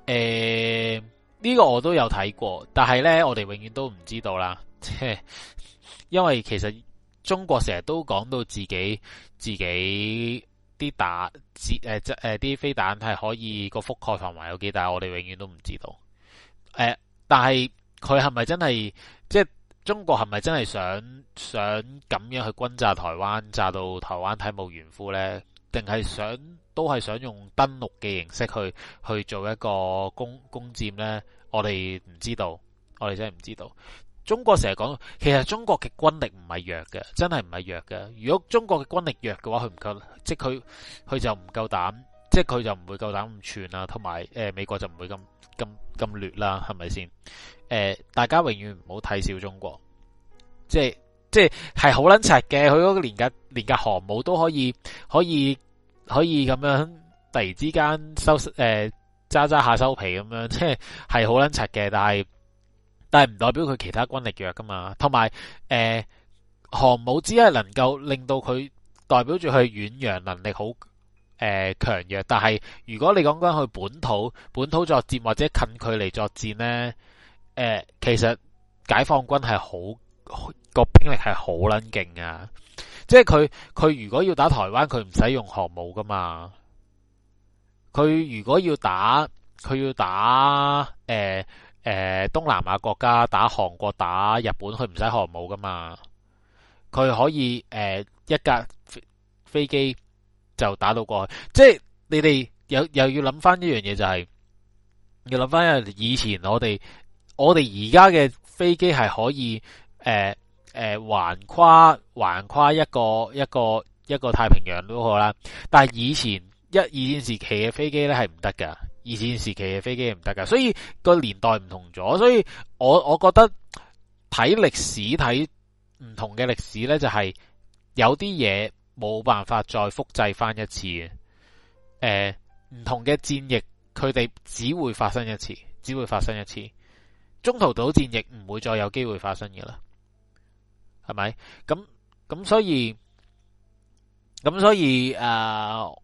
呃，呢個我都有睇過，但係呢，我哋永遠都唔知道啦。 因為其實中國成日都講到自己自己啲彈，誒，即誒啲飛彈係可以個覆蓋範圍有幾大，我哋永遠都唔知道。誒、呃，但係佢係咪真係，即係中國係咪真係想想咁樣去轟炸台灣，炸到台灣體無完膚呢？定係想都係想用登陸嘅形式去去做一個攻攻占呢？我哋唔知道，我哋真係唔知道。中國成日講，其實中國嘅軍力唔係弱嘅，真係唔係弱嘅。如果中國嘅軍力弱嘅話，佢唔夠，即係佢佢就唔夠膽，即係佢就唔會夠膽咁串啦。同埋誒，美國就唔會咁咁咁劣啦，係咪先？誒、呃，大家永遠唔好睇小中國，即係即係係好捻赤嘅。佢嗰個連架連架航母都可以可以可以咁樣，突然之間收誒揸揸下收皮咁樣，即係係好捻赤嘅。但係。但係唔代表佢其他軍力弱噶嘛，同埋誒，航母只係能夠令到佢代表住佢遠洋能力好誒強弱。但係如果你講緊佢本土本土作戰或者近距離作戰呢，誒、呃，其實解放軍係好個兵力係好撚勁啊！即係佢佢如果要打台灣，佢唔使用航母噶嘛，佢如果要打佢要打誒。呃誒，東南亞國家打韓國打日本，佢唔使航母噶嘛？佢可以誒、呃、一架飛機就打到過去，即係你哋又又要諗翻一樣嘢，就係，就係要諗翻。以前我哋我哋而家嘅飛機係可以誒誒橫跨橫跨一個一個一個太平洋都好啦，但係以前一二戰時期嘅飛機呢，係唔得噶。二戰時期嘅飛機唔得㗎，所以個年代唔同咗，所以我我覺得睇歷史睇唔同嘅歷史呢，就係、是、有啲嘢冇辦法再複製翻一次嘅。唔、呃、同嘅戰役，佢哋只會發生一次，只會發生一次。中途島戰役唔會再有機會發生嘅啦，係咪？咁咁所以咁所以誒。呃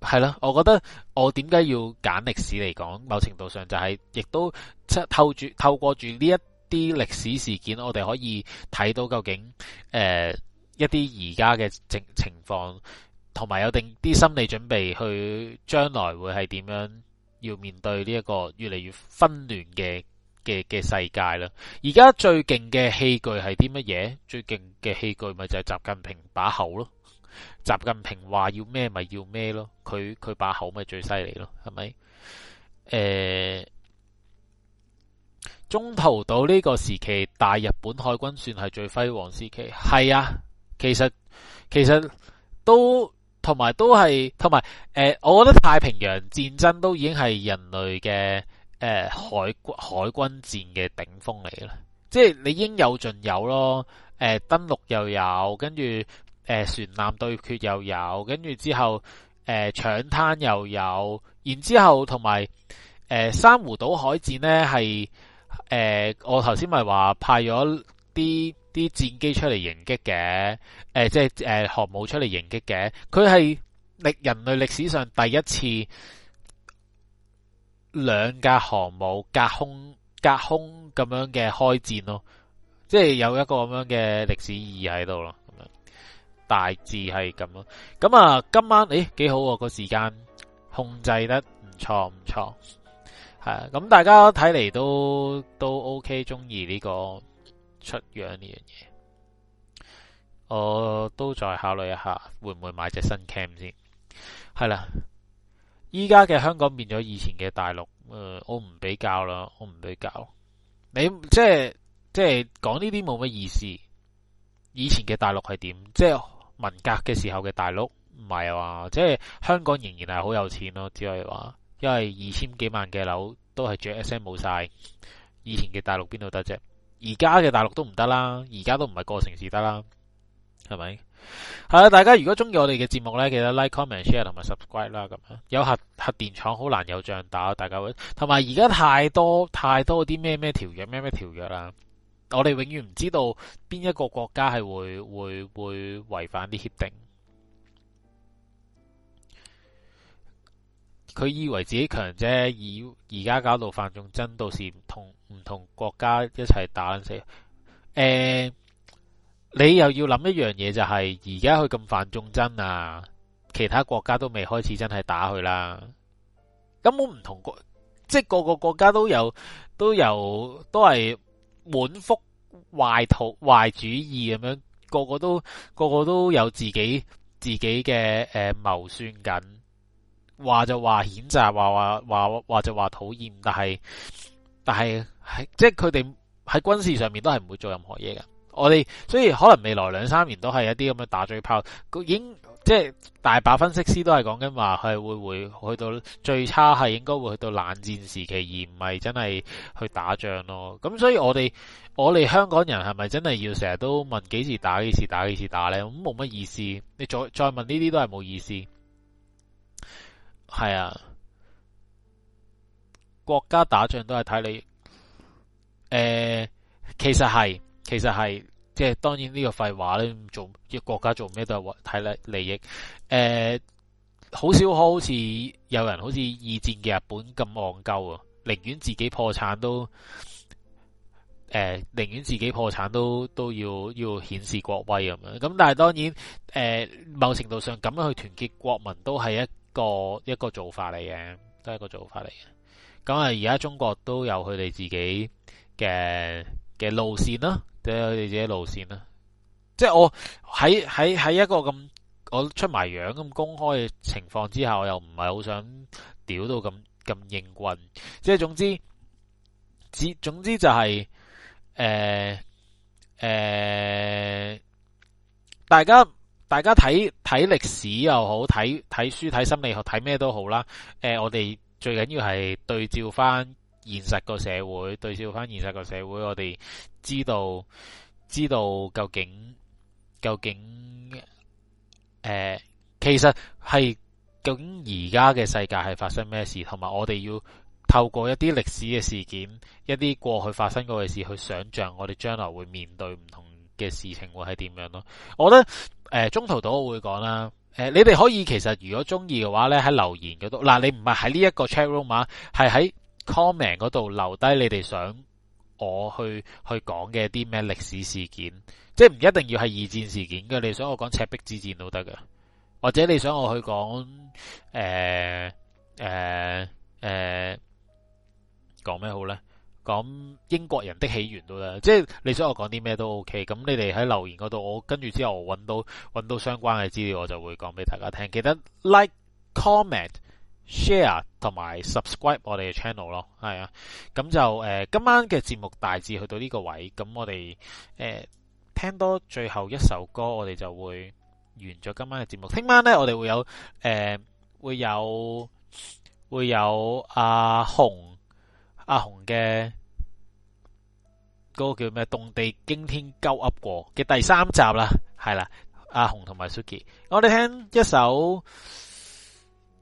係啦，我覺得我點解要揀歷史嚟講，某程度上就係，亦都即係透住透過住呢一啲歷史事件，我哋可以睇到究竟誒、呃、一啲而家嘅情情況，同埋有定啲心理準備去將來會係點樣，要面對呢一個越嚟越紛亂嘅嘅嘅世界啦。而家最勁嘅器具係啲乜嘢？最勁嘅器具咪就係習近平把口咯。習近平話要咩咪要咩咯，佢佢把口咪最犀利咯，係咪？誒、呃，中途島呢個時期，大日本海軍算係最輝煌時期。係啊，其實其實都同埋都係同埋誒，我覺得太平洋戰爭都已經係人類嘅誒、呃、海海軍戰嘅頂峰嚟啦，即係你應有盡有咯，誒、呃、登陸又有跟住。誒、呃，船艦對決又有，跟住之後，誒搶灘又有，然之後同埋，誒、呃、珊瑚島海戰呢係，誒、呃、我頭先咪話派咗啲啲戰機出嚟迎擊嘅，誒、呃、即係誒、呃、航母出嚟迎擊嘅，佢係歷人類歷史上第一次兩架航母隔空隔空咁樣嘅開戰咯，即係有一個咁樣嘅歷史意義喺度咯。大致係咁樣，咁啊，今晚誒幾好個時間控制得唔錯唔錯，係咁大家睇嚟都都 OK，中意呢個出樣呢樣嘢。我都再考慮一下會唔會買隻新 cam 先，係啦。依家嘅香港變咗以前嘅大陸，誒、呃、我唔比較啦，我唔比較。你即係即係講呢啲冇乜意思。以前嘅大陸係點？即係。文革嘅時候嘅大陸唔係話，即係、就是、香港仍然係好有錢咯，只可以話，因為二千幾萬嘅樓都係住 S M 冇曬。以前嘅大陸邊度得啫？而家嘅大陸都唔得啦，而家都唔係個城市得啦，係咪？係啊，大家如果中意我哋嘅節目呢，記得 like、comment、share 同埋 subscribe 啦。咁樣有核核電廠好難有仗打，大家會同埋而家太多太多啲咩咩條約咩咩條約啦。我哋永遠唔知道邊一個國家係會會會違反啲協定。佢以為自己強啫，而而家搞到犯眾憎，到時唔同唔同國家一齊打死。誒、呃，你又要諗一樣嘢、就是，就係而家佢咁犯眾憎啊，其他國家都未開始真係打佢啦。根本唔同國，即係個個國家都有都有都係。滿腹壞圖壞主義，咁樣，個個都個個都有自己自己嘅，誒謀算緊，話就話譴責，話話話話就話討厭，但係但係即係佢哋喺軍事上面都係唔會做任何嘢嘅，我哋所以可能未來兩三年都係一啲咁嘅打嘴炮，佢已經。即係大把分析師都係講緊話，係會會去到最差係應該會去到冷戰時期，而唔係真係去打仗咯。咁所以我哋我哋香港人係咪真係要成日都問幾時打幾時打幾時打呢？咁冇乜意思。你再再問呢啲都係冇意思。係啊，國家打仗都係睇你誒、呃，其實係其實係。即係當然呢個廢話咧，做國家做咩都係睇利利益。誒、呃,好少好似有人好似二戰嘅日本咁戇鳩啊，寧願自己破產都，誒、呃，寧願自己破產都都要要顯示國威咁樣。咁但係當然，誒、呃，某程度上咁樣去團結國民都係一個一個做法嚟嘅，都係一個做法嚟嘅。咁啊，而家中國都有佢哋自己嘅嘅路線啦。即係我自己路線啦，即係我喺喺喺一個咁我出埋樣咁公開嘅情況之下，我又唔係好想屌到咁咁應棍，即係總之，之總之就係誒誒，大家大家睇睇歷史又好，睇睇書睇心理學睇咩都好啦，誒、呃、我哋最緊要係對照翻。現實個社會，對照翻現實個社會，我哋知道知道究竟究竟誒、呃，其實係究竟而家嘅世界係發生咩事，同埋我哋要透過一啲歷史嘅事件，一啲過去發生過嘅事，去想象我哋將來會面對唔同嘅事情會係點樣咯。我覺得誒、呃，中途島我會講啦。誒、呃，你哋可以其實如果中意嘅話咧，喺留言嗰度嗱，你唔係喺呢一個 chat room 嘛，係喺。comment 嗰度留低你哋想我去去講嘅啲咩歷史事件，即係唔一定要係二戰事件嘅，你想我講赤壁之戰都得嘅，或者你想我去講誒誒誒講咩好咧？講英國人的起源都得，即係你想我講啲咩都 OK。咁你哋喺留言嗰度，我跟住之後我揾到揾到相關嘅資料，我就會講俾大家聽。記得 like comment。share 同埋 subscribe 我哋嘅 channel 咯，係啊，咁就誒、呃、今晚嘅節目大致去到呢個位，咁我哋誒、呃、聽多最後一首歌，我哋就會完咗今晚嘅節目。聽晚咧，我哋會有誒、呃、會有會有阿紅阿紅嘅嗰個叫咩？動地驚天鳩 up 過嘅第三集啦，係啦，阿紅同埋 Suki，我哋聽一首。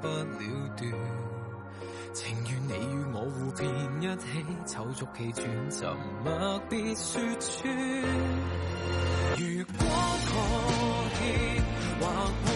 不了斷，情願你與我互騙，一起湊足期轉，沉默別說穿。如果可以，或。